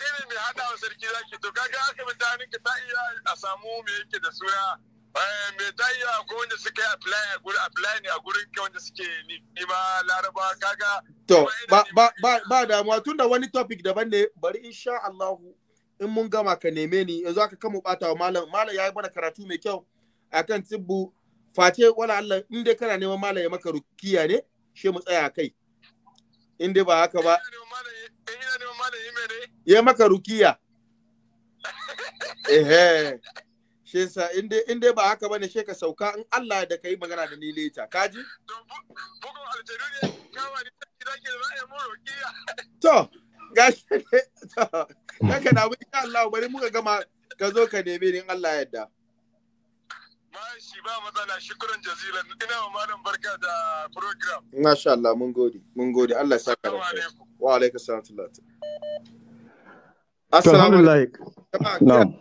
kai ne mai hada wa sarki zaki to kaga aka bi ta ka ta iya a samu me yake da suna eh, mai ta iya ko wanda suka yi apply a gurin apply ne a gurin ka wanda suke nima laraba kaga to ba ba ba damuwa tunda wani topic daban ne bari insha Allahu in mun gama ka neme ni yanzu aka kama bata wa malam malam yayi mana karatu mai kyau akan tibbu face wala Allah in dai kana neman malam ya maka rukiya ne she mu tsaya kai in dai ba haka ba ya maka rukiya ehe shi sa in dai ba haka bane shi ka sauka in Allah da kai magana da ni leta kaji to gashi to kaka da insha Allah bari muka gama ka zo ka nemi ni in Allah yadda Mashi ba matsala shukran jazilan ina ma malam barka da program masha Allah mun gode mun gode Allah ya saka alaikum Wa alaika salam tullata. Assalamu alaikum. Na'am.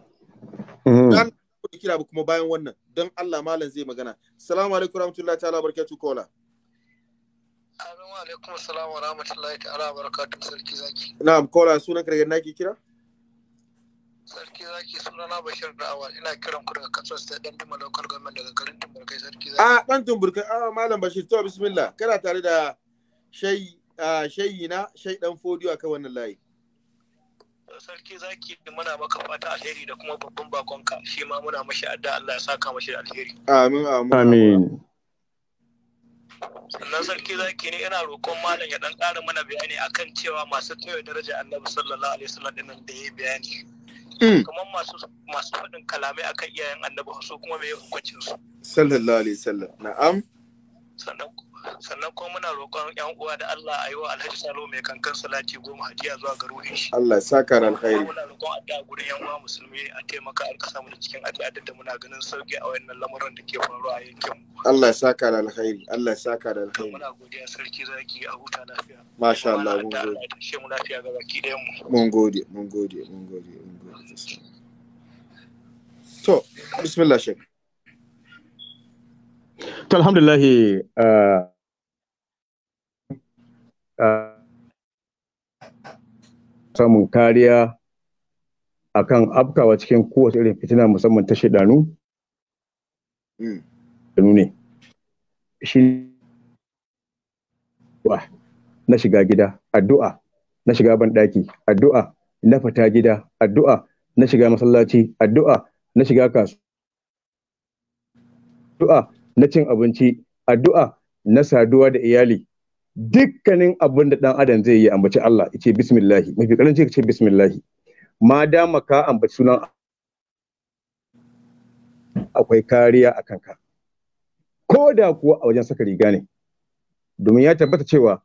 kira mm-hmm. kuma bayan wannan don Allah malam zai magana. Assalamu alaikum warahmatullahi ta'ala barakatuh kola. Assalamu alaikum assalamu warahmatullahi ta'ala barakatuh sarki zaki. Na'am kola sunan ka na naki kira? Sarki zaki sunana Bashir Da'awal ina kiran ku daga Katsina State dan Duma Local Government daga garin Tumburkai sarki zaki. Ah dan Tumburkai ah malam Bashir to bismillah kana tare da shayi. shai dan fodiyo akan wannan layi sarki zaki muna maka fata alheri da kuma babban bakonka shi ma muna mashi adda Allah ya saka mashi da alheri amin amin amin sannan sarki zaki ne ina roƙon malam ya dan ƙara mana bayani akan cewa masu tauye daraja annabi sallallahu alaihi wasallam din da yayi bayani mm. kamar masu masu faɗin kalamai akan iyayen annabi su kuma me hukuncin su sallallahu alaihi wasallam na'am sannan sannan kuma muna roƙon yan uwa da Allah a yi wa Alhaji Salo mai kankan salati goma hadiya zuwa ga ruhin shi Allah ya saka ran khairi muna roƙon addu'a gurin yan uwa musulmi a taimaka a kasa mu da cikin addu'a da muna ganin sauki a wayannan lamuran da ke faruwa a yankin Allah ya saka ran khairi Allah ya saka ran khairi muna godiya sarki zaki a huta lafiya masha Allah mun gode mu lafiya ga baki da mu mun gode mun gode mun gode mun gode to bismillah shekaru. to alhamdulillah uh, uh, samun kariya akan afkawa cikin kowace irin fitina musamman ta shidanu shidanu ne shi na shiga gida addu'a na shiga banɗaki addu'a na fita gida addu'a na shiga masallaci addu'a na shiga kasu. addu'a na cin abinci addu'a na saduwa da iyali dukkanin abin da ɗan adam zai yi ambaci Allah ce bismillahi mafi karanci ce bismillahi ma dama ka ambaci sunan akwai kariya a kanka ko da kuwa a wajen saka riga ne domin ya tabbata cewa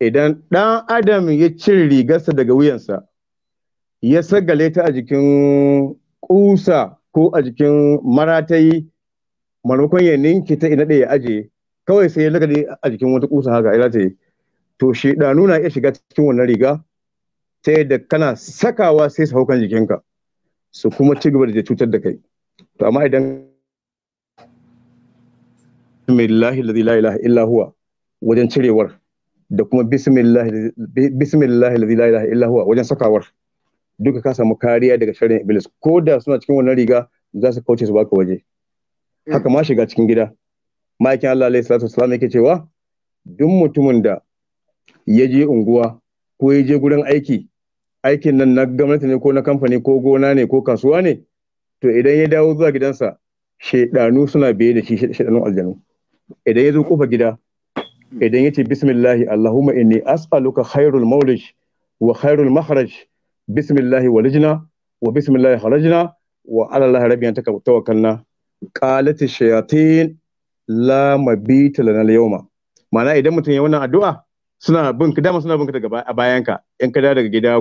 idan ɗan adam ya cire rigarsa daga wuyansa ya sagale ta a jikin ƙusa ko a jikin maratayi maimakon ya ninki ta ina ya aje kawai sai ya lagade a jikin wata kusa haka ya ta yi shi da na iya shiga cikin wannan riga ta yadda kana sakawa sai su haukan jikinka su kuma ci gaba da cutar da kai to amma idan bismillahi alladhi la ilaha illa huwa wajen cirewar da kuma bismillahi alladhi la ilaha illa huwa wajen sakawar duka ka samu kariya daga shirin iblis ko da suna cikin wannan riga za su kauce su baka waje haka ma shiga cikin gida ma'aikin Allah alaihi salatu wasallam yake cewa duk mutumin da ya je unguwa ko ya je gurin aiki aikin nan na gwamnati ne ko na kamfani ko gona ne ko kasuwa ne to idan ya dawo zuwa gidansa shaidanu suna biye da shi shaidanun aljanu idan ya zo kofa gida idan ya ce bismillahi allahumma inni as'aluka khairul maulid wa khairul makhraj bismillah walijna wa bismillah kharajna wa ala allah rabbi tawakkalna qalat shayatin la mabita lana al-yawma ma'ana idan mutum ya wannan addu'a suna bin ka dama suna bin ka daga a bayan ka in ka daga gida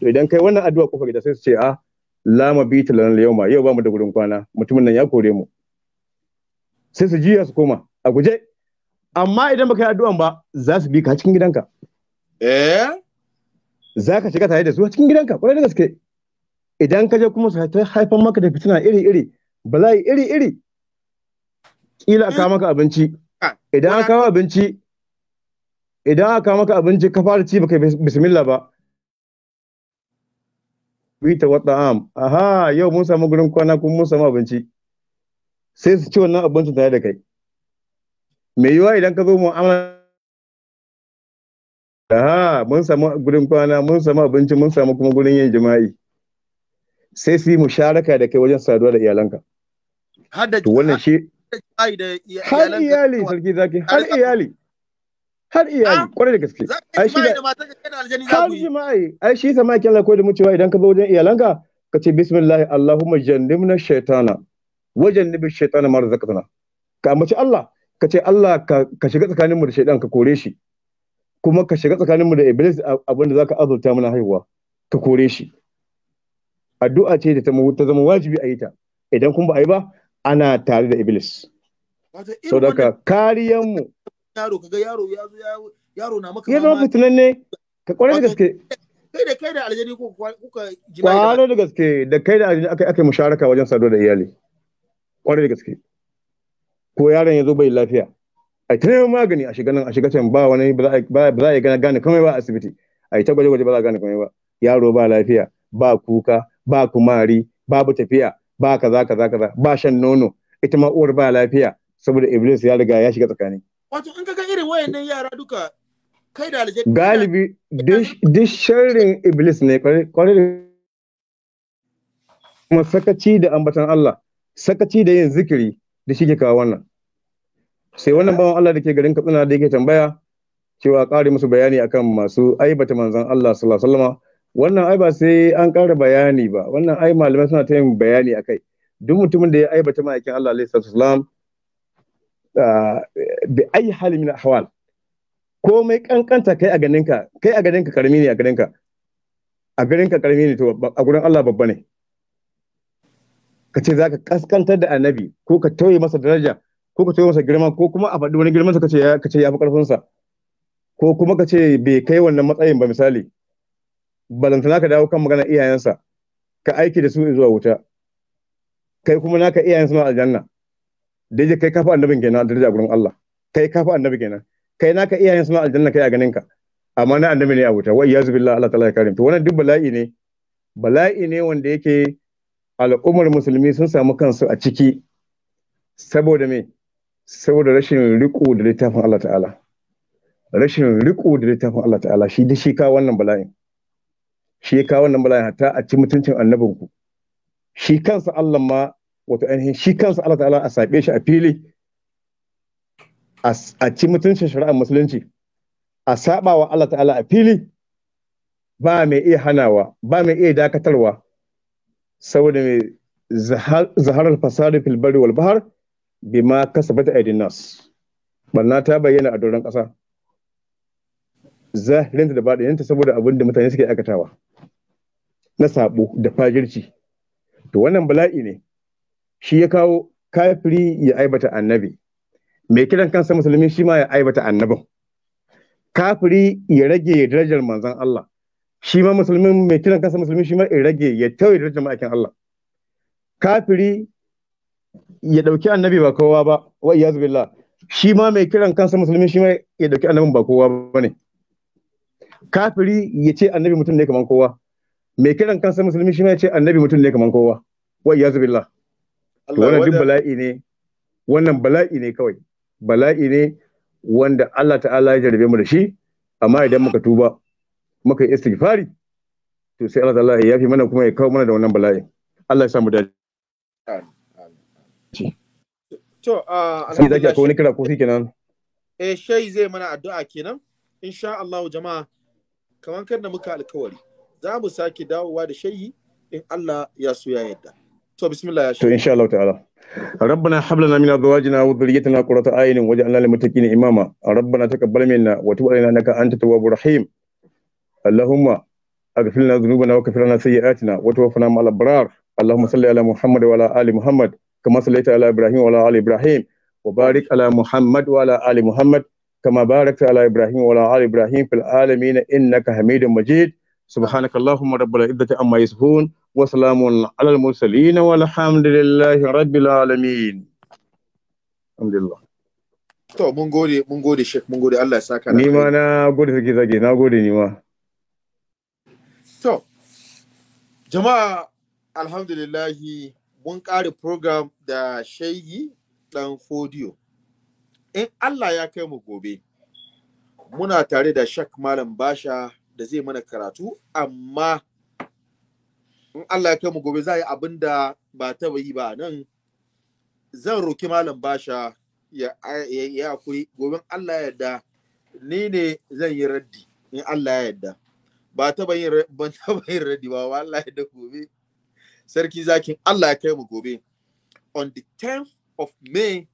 to idan kai wannan addu'a kofar gida sai su ce a ah, la mabita lana al-yawma yau ba mu da gurin kwana mutumin nan ya kore mu sai su jiya su koma a guje amma idan baka yi addu'an ba za su bi ka cikin gidanka eh za ka shiga tare da su cikin gidanka kwarai da gaske idan ka je kuma ta haifar maka da fitina iri-iri bala'i iri-iri kila ka maka ah, abinci idan aka kawo abinci idan aka maka abinci ka fara ci baka bismillah ba wita wata am aha yau mun samu gurin kwana kuma mun samu abinci sai su ci wannan abincin tare da kai Me yiwa idan ka zo mu'amala aha mun samu gurin kwana mun samu abinci mun samu kuma gurin yin jima'i sai su yi musharaka da kai wajen saduwa da iyalanka to wannan shi har iyali sarki zaki har iyali har iyali ah, kwarai da gaske ai shi har jima'i ai shi sama kin lako da mu cewa idan ka zo wajen iyalanka ka ce bismillah allahumma jannibna shaytana wa jannibi shaytana ma razaqtana ka ambaci Allah ka ce Allah ka shiga tsakaninmu da shaydan ka kore shi kuma ka shiga tsakaninmu da iblis abinda zaka azurta mana haihuwa ka kore shi addu'a ce da ta zama wajibi a yi ta idan kun ba a yi ba ana tare da iblis sau daga kariyanmu ya zama fitinan ne ka kwarai da gaske kai da kwarai da gaske da kai da aljani aka yi musharaka wajen saduwa da iyali kwarai da gaske ko yaron ya zo bai lafiya a yi neman magani a shiga nan a shiga can ba wani ba za a gane kamar ba a asibiti a yi ta gwaje-gwaje ba za a gane kamar ba yaro ba lafiya ba kuka ba kumari babu tafiya ba kaza kaza kaza ba shan nono ita ma uwar ba lafiya saboda iblis ya riga ya shiga tsakani wato in kaga irin wayannan yara duka kai da aljanna galibi duk sharrin iblis ne kwarai kuma sakaci da ambatan Allah sakaci da yin zikiri da shi ke kawo wannan sai wannan bawan Allah da ke garin Katsina da yake tambaya cewa ƙari musu bayani akan masu aibata manzon Allah sallallahu alaihi wasallam wannan ai ba sai an ƙara bayani ba wannan ai malamai suna ta yin bayani akai duk mutumin da ya aibata ma'aikin Allah alaihi salatu ah, bi ai hali min ahwal komai kankanta kai a ganinka kai a ganinka karmi ne a ganinka a ganinka karmi ne to a gurin Allah babba ne ka ce zaka kaskantar da annabi ko ka tauye masa daraja ko ka tauye masa girma ko kuma a faɗi wani girman sa kace ya kace ya fi karfin sa ko kuma ka ce bai kai wannan matsayin ba misali balantana ka dawo kan magana iyayensa ka aiki da su zuwa wuta kai kuma naka iyayensa na aljanna daidai kai kafa annabin kenan daraja gurin Allah kai kafa annabi kenan kai naka iyayensa na aljanna kai a ganin ka amma na annabi ne a wuta wa iyazu billahi Allah ta'ala ya karim to wannan duk bala'i ne bala'i ne wanda yake al'ummar musulmi sun samu kansu a ciki saboda me saboda rashin riko da littafin Allah ta'ala rashin riko da littafin Allah ta'ala shi da shi ka wannan bala'in shi ya kawo wannan bala'in hatta a ci mutuncin annabinku shi kansa Allah ma wato ainihin shi kansa Allah ta'ala a sabe shi a fili a ci mutuncin shari'ar musulunci a saba wa Allah ta'ala a fili ba mai iya hanawa ba mai iya dakatarwa saboda mai zaharar fasari fil bari wal bahar bima kasabata aidin nas barna ta bayyana a doron ƙasa zahirinta da baɗininta saboda abin da mutane suke aikatawa na sabo da fajirci to wannan bala'i ne shi ya kawo kafiri ya aibata annabi mai kiran kansa musulmi shi ma ya aibata annabin kafiri ya rage darajar manzon Allah shi ma musulmin mai kiran kansa musulmi shi ma ya rage ya tauye darajar ma'aikin Allah kafiri ya dauki annabi ba kowa ba wa iyaz billah shi ma mai kiran kansa musulmi shi ma ya dauki annabin ba kowa ba ne kafiri ya ce annabi mutum ne kamar kowa mai kiran kansa musulmi shi ce annabi mutum ne kamar kowa wai ya zubi wannan duk bala'i ne wannan bala'i ne kawai bala'i ne wanda Allah ta'ala ya jarabe mu da shi amma idan muka tuba muka yi istighfari to sai Allah ta'ala ya yafi mana kuma ya kawo mana da wannan bala'i Allah ya samu dace to a uh, sai zaki akwai kira ko kenan eh shai zai mana addu'a kenan insha Allah jama'a kamar kan da muka alkawari za mu sake dawowa da shayi in Allah ya so ya yadda to bismillah ya shi to insha Allah ta'ala ربنا هب لنا من ازواجنا وذريتنا قرة اعين واجعلنا للمتقين اماما ربنا تقبل منا وتب علينا انك انت التواب الرحيم اللهم اغفر لنا ذنوبنا وكفر لنا سيئاتنا وتوفنا مع الابرار اللهم صل على محمد وعلى ال محمد كما صليت على ابراهيم وعلى ال ابراهيم وبارك على محمد وعلى ال محمد كما باركت على ابراهيم وعلى ال ابراهيم في العالمين انك حميد مجيد سبحانك اللهم رب العزة عما يصفون وسلام على المرسلين والحمد لله رب العالمين الحمد لله to mun gode mun gode shek mun gode Allah ya saka ni ma na gode sake zage na gode ni ma to jama'a alhamdulillahi mun kare program da shayi dan fodiyo in Allah ya kai mu gobe muna tare da shek malam basha da zai mana karatu amma in Allah ya kai gobe za yi abin da ba ta yi ba nan zan roki malam basha ya ya hakuri gobe Allah ya yarda ni ne zan yi raddi in Allah ya yarda ba ta yin ban ta yin raddi ba Allah ya yarda gobe sarki zakin Allah ya kai mu gobe on the 10th of May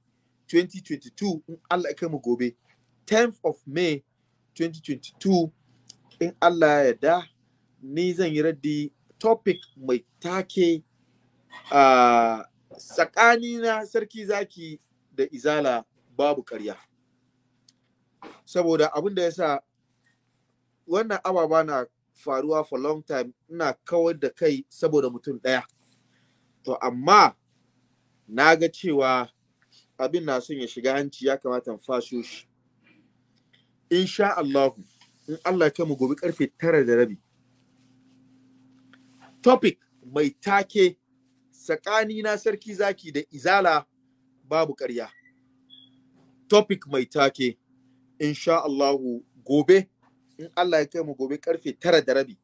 2022 in Allah ya kai mu gobe 10th of May 2022 in Allah ya yarda ni zan yi raddi topic mai take a na sarki zaki da izala babu karya. saboda abin da ya sa wannan ababa na faruwa for long time ina kawar da kai saboda mutum ɗaya to amma na ga cewa abin na son ya shiga hanci ya kamata in faso shi insha Allahu in Allah ya mu gobe karfe tara da rabi topic mai take tsakani na sarki zaki da izala babu ƙarya topic mai take insha Allahu gobe in Allah ya kai mu gobe karfe tara da rabi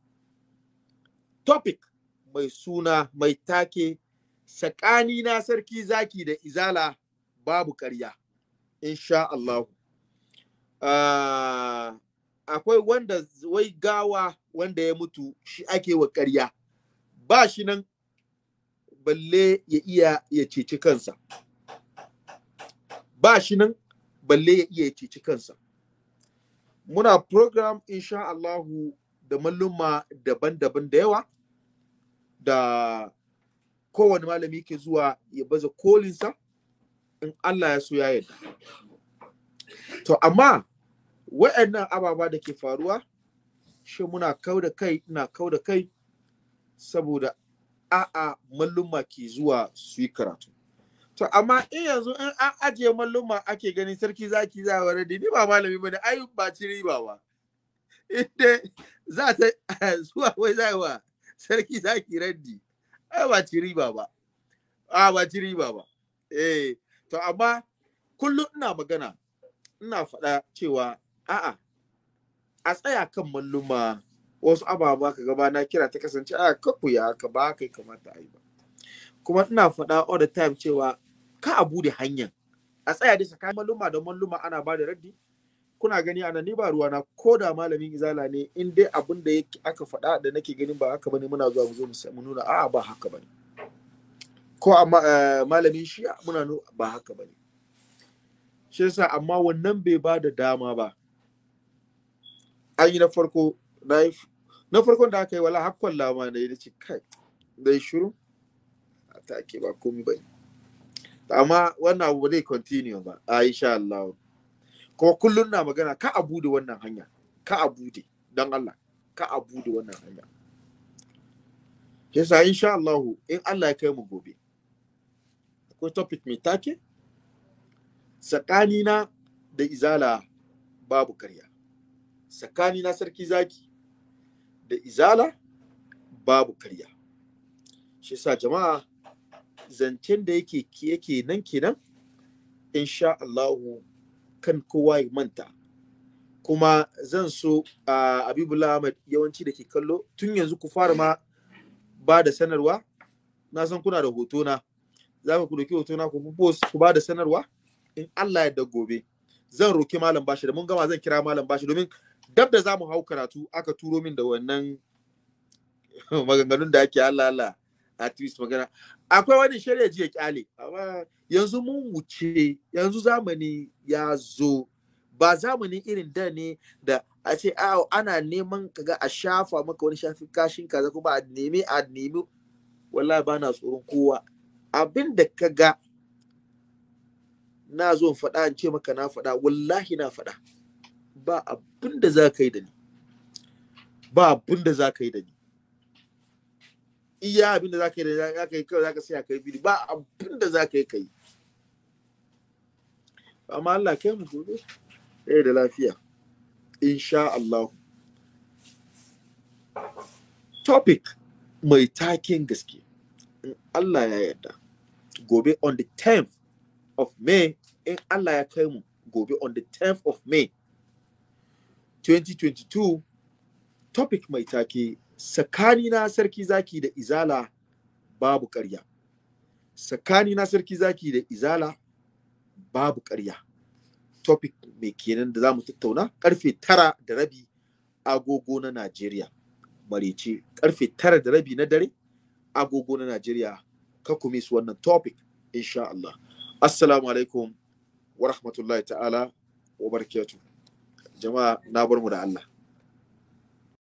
topic mai suna mai take tsakani na sarki zaki da izala babu ƙarya insha Allahu uh, akwai wanda wai gawa wanda ya mutu shi ake wa ƙarya ba shi nan balle ya iya ya ceci kansa ba shi nan balle ya iya ya ceci kansa muna program insha Allahu da malluma daban-daban da yawa da kowane malami ke zuwa ya baza kolinsa in Allah ya so ya yarda to amma wa'annan ababa da ke faruwa shi muna kau da kai na kau da kai saboda a'a malluma ke zuwa su yi karatu to amma in yanzu in an ajiye malluma ake ganin sarki zaki za wa ni ba malami bane ai ba ci riba ba inda za ta zuwa wai za wa sarki zaki raddi ai ba ci riba ba a ba ci riba ba eh to amma kullum ina magana ina faɗa cewa a'a a tsaya kan malluma wasu ababa ka gaba na kira ta kasance a kaku ya ka ba kai kamata a yi ba kuma ina faɗa all the time cewa ka a bude hanyar a tsaya da tsakanin malluma da malluma ana ba da raddi kuna gani ana ni ba na? ko da malamin izala ne in dai abin da aka faɗa da nake ganin ba haka bane muna zuwa mu zo mu nuna a'a ba haka bane ko a eh, malamin shi'a muna nuna ba haka bane shi yasa amma wannan bai ba da dama ba an yi na farko na yi na farko da aka yi wala hakkon lama da ya ce kai da yi shuru a take ba komai bai amma wannan abu zai continue ba a insha Allah kuma kullum na magana ka a bude wannan hanya ka a bude don Allah ka a bude wannan hanya yasa insha Allah in Allah ya kai mu gobe akwai topic mai take tsakanina da izala babu karya tsakani na sarki zaki da izala babu karya shi sa jama'a zancen da yake yake nan kenan insha Allahu kan kowa ya manta kuma zan so a uh, abibullah ahmad yawanci da ke kallo tun yanzu ku fara ma ba da sanarwa na san kuna da hotona za ku doki hotona ku post ku ba da sanarwa in Allah ya gobe. zan roki malam bashi da mun gama zan kira malam bashi domin dab da zamu hau karatu aka turo min da wannan maganganun da ake Allah Allah activist magana akwai wani shirya jiya kyale amma yanzu mun wuce yanzu zamani ya zo ba zamani irin da ne da a ce ana neman kaga a shafa maka wani shafin kashin kaza kuma a nemi a nemi wallahi ba na tsoron kowa abin da ka ga na zo faɗa in ce maka na faɗa wallahi na faɗa ba abin da za ka yi da ni ba abin da za ka yi da ni iya abin da za ka yi da za ka yi kawai za ka sai ka biyu ba abin da za ka yi ka yi amma Allah kai mu gobe eh da lafiya insha Allah topic mai taken gaske in Allah ya yarda gobe on the 10th of May in Allah ya kai mu gobe on the 10th of May 2022 topic mai take tsakanina sarki zaki da izala babu ƙarya tsakanina sarki zaki da izala babu ƙarya topic mai kenan da zamu tattauna karfe tara da rabi agogo na Najeriya marece karfe tara da rabi na dare agogo na Najeriya ka su wannan topic insha Allah assalamu alaikum wa rahmatullahi ta'ala wa barakatuh jama'a na bar mu da Allah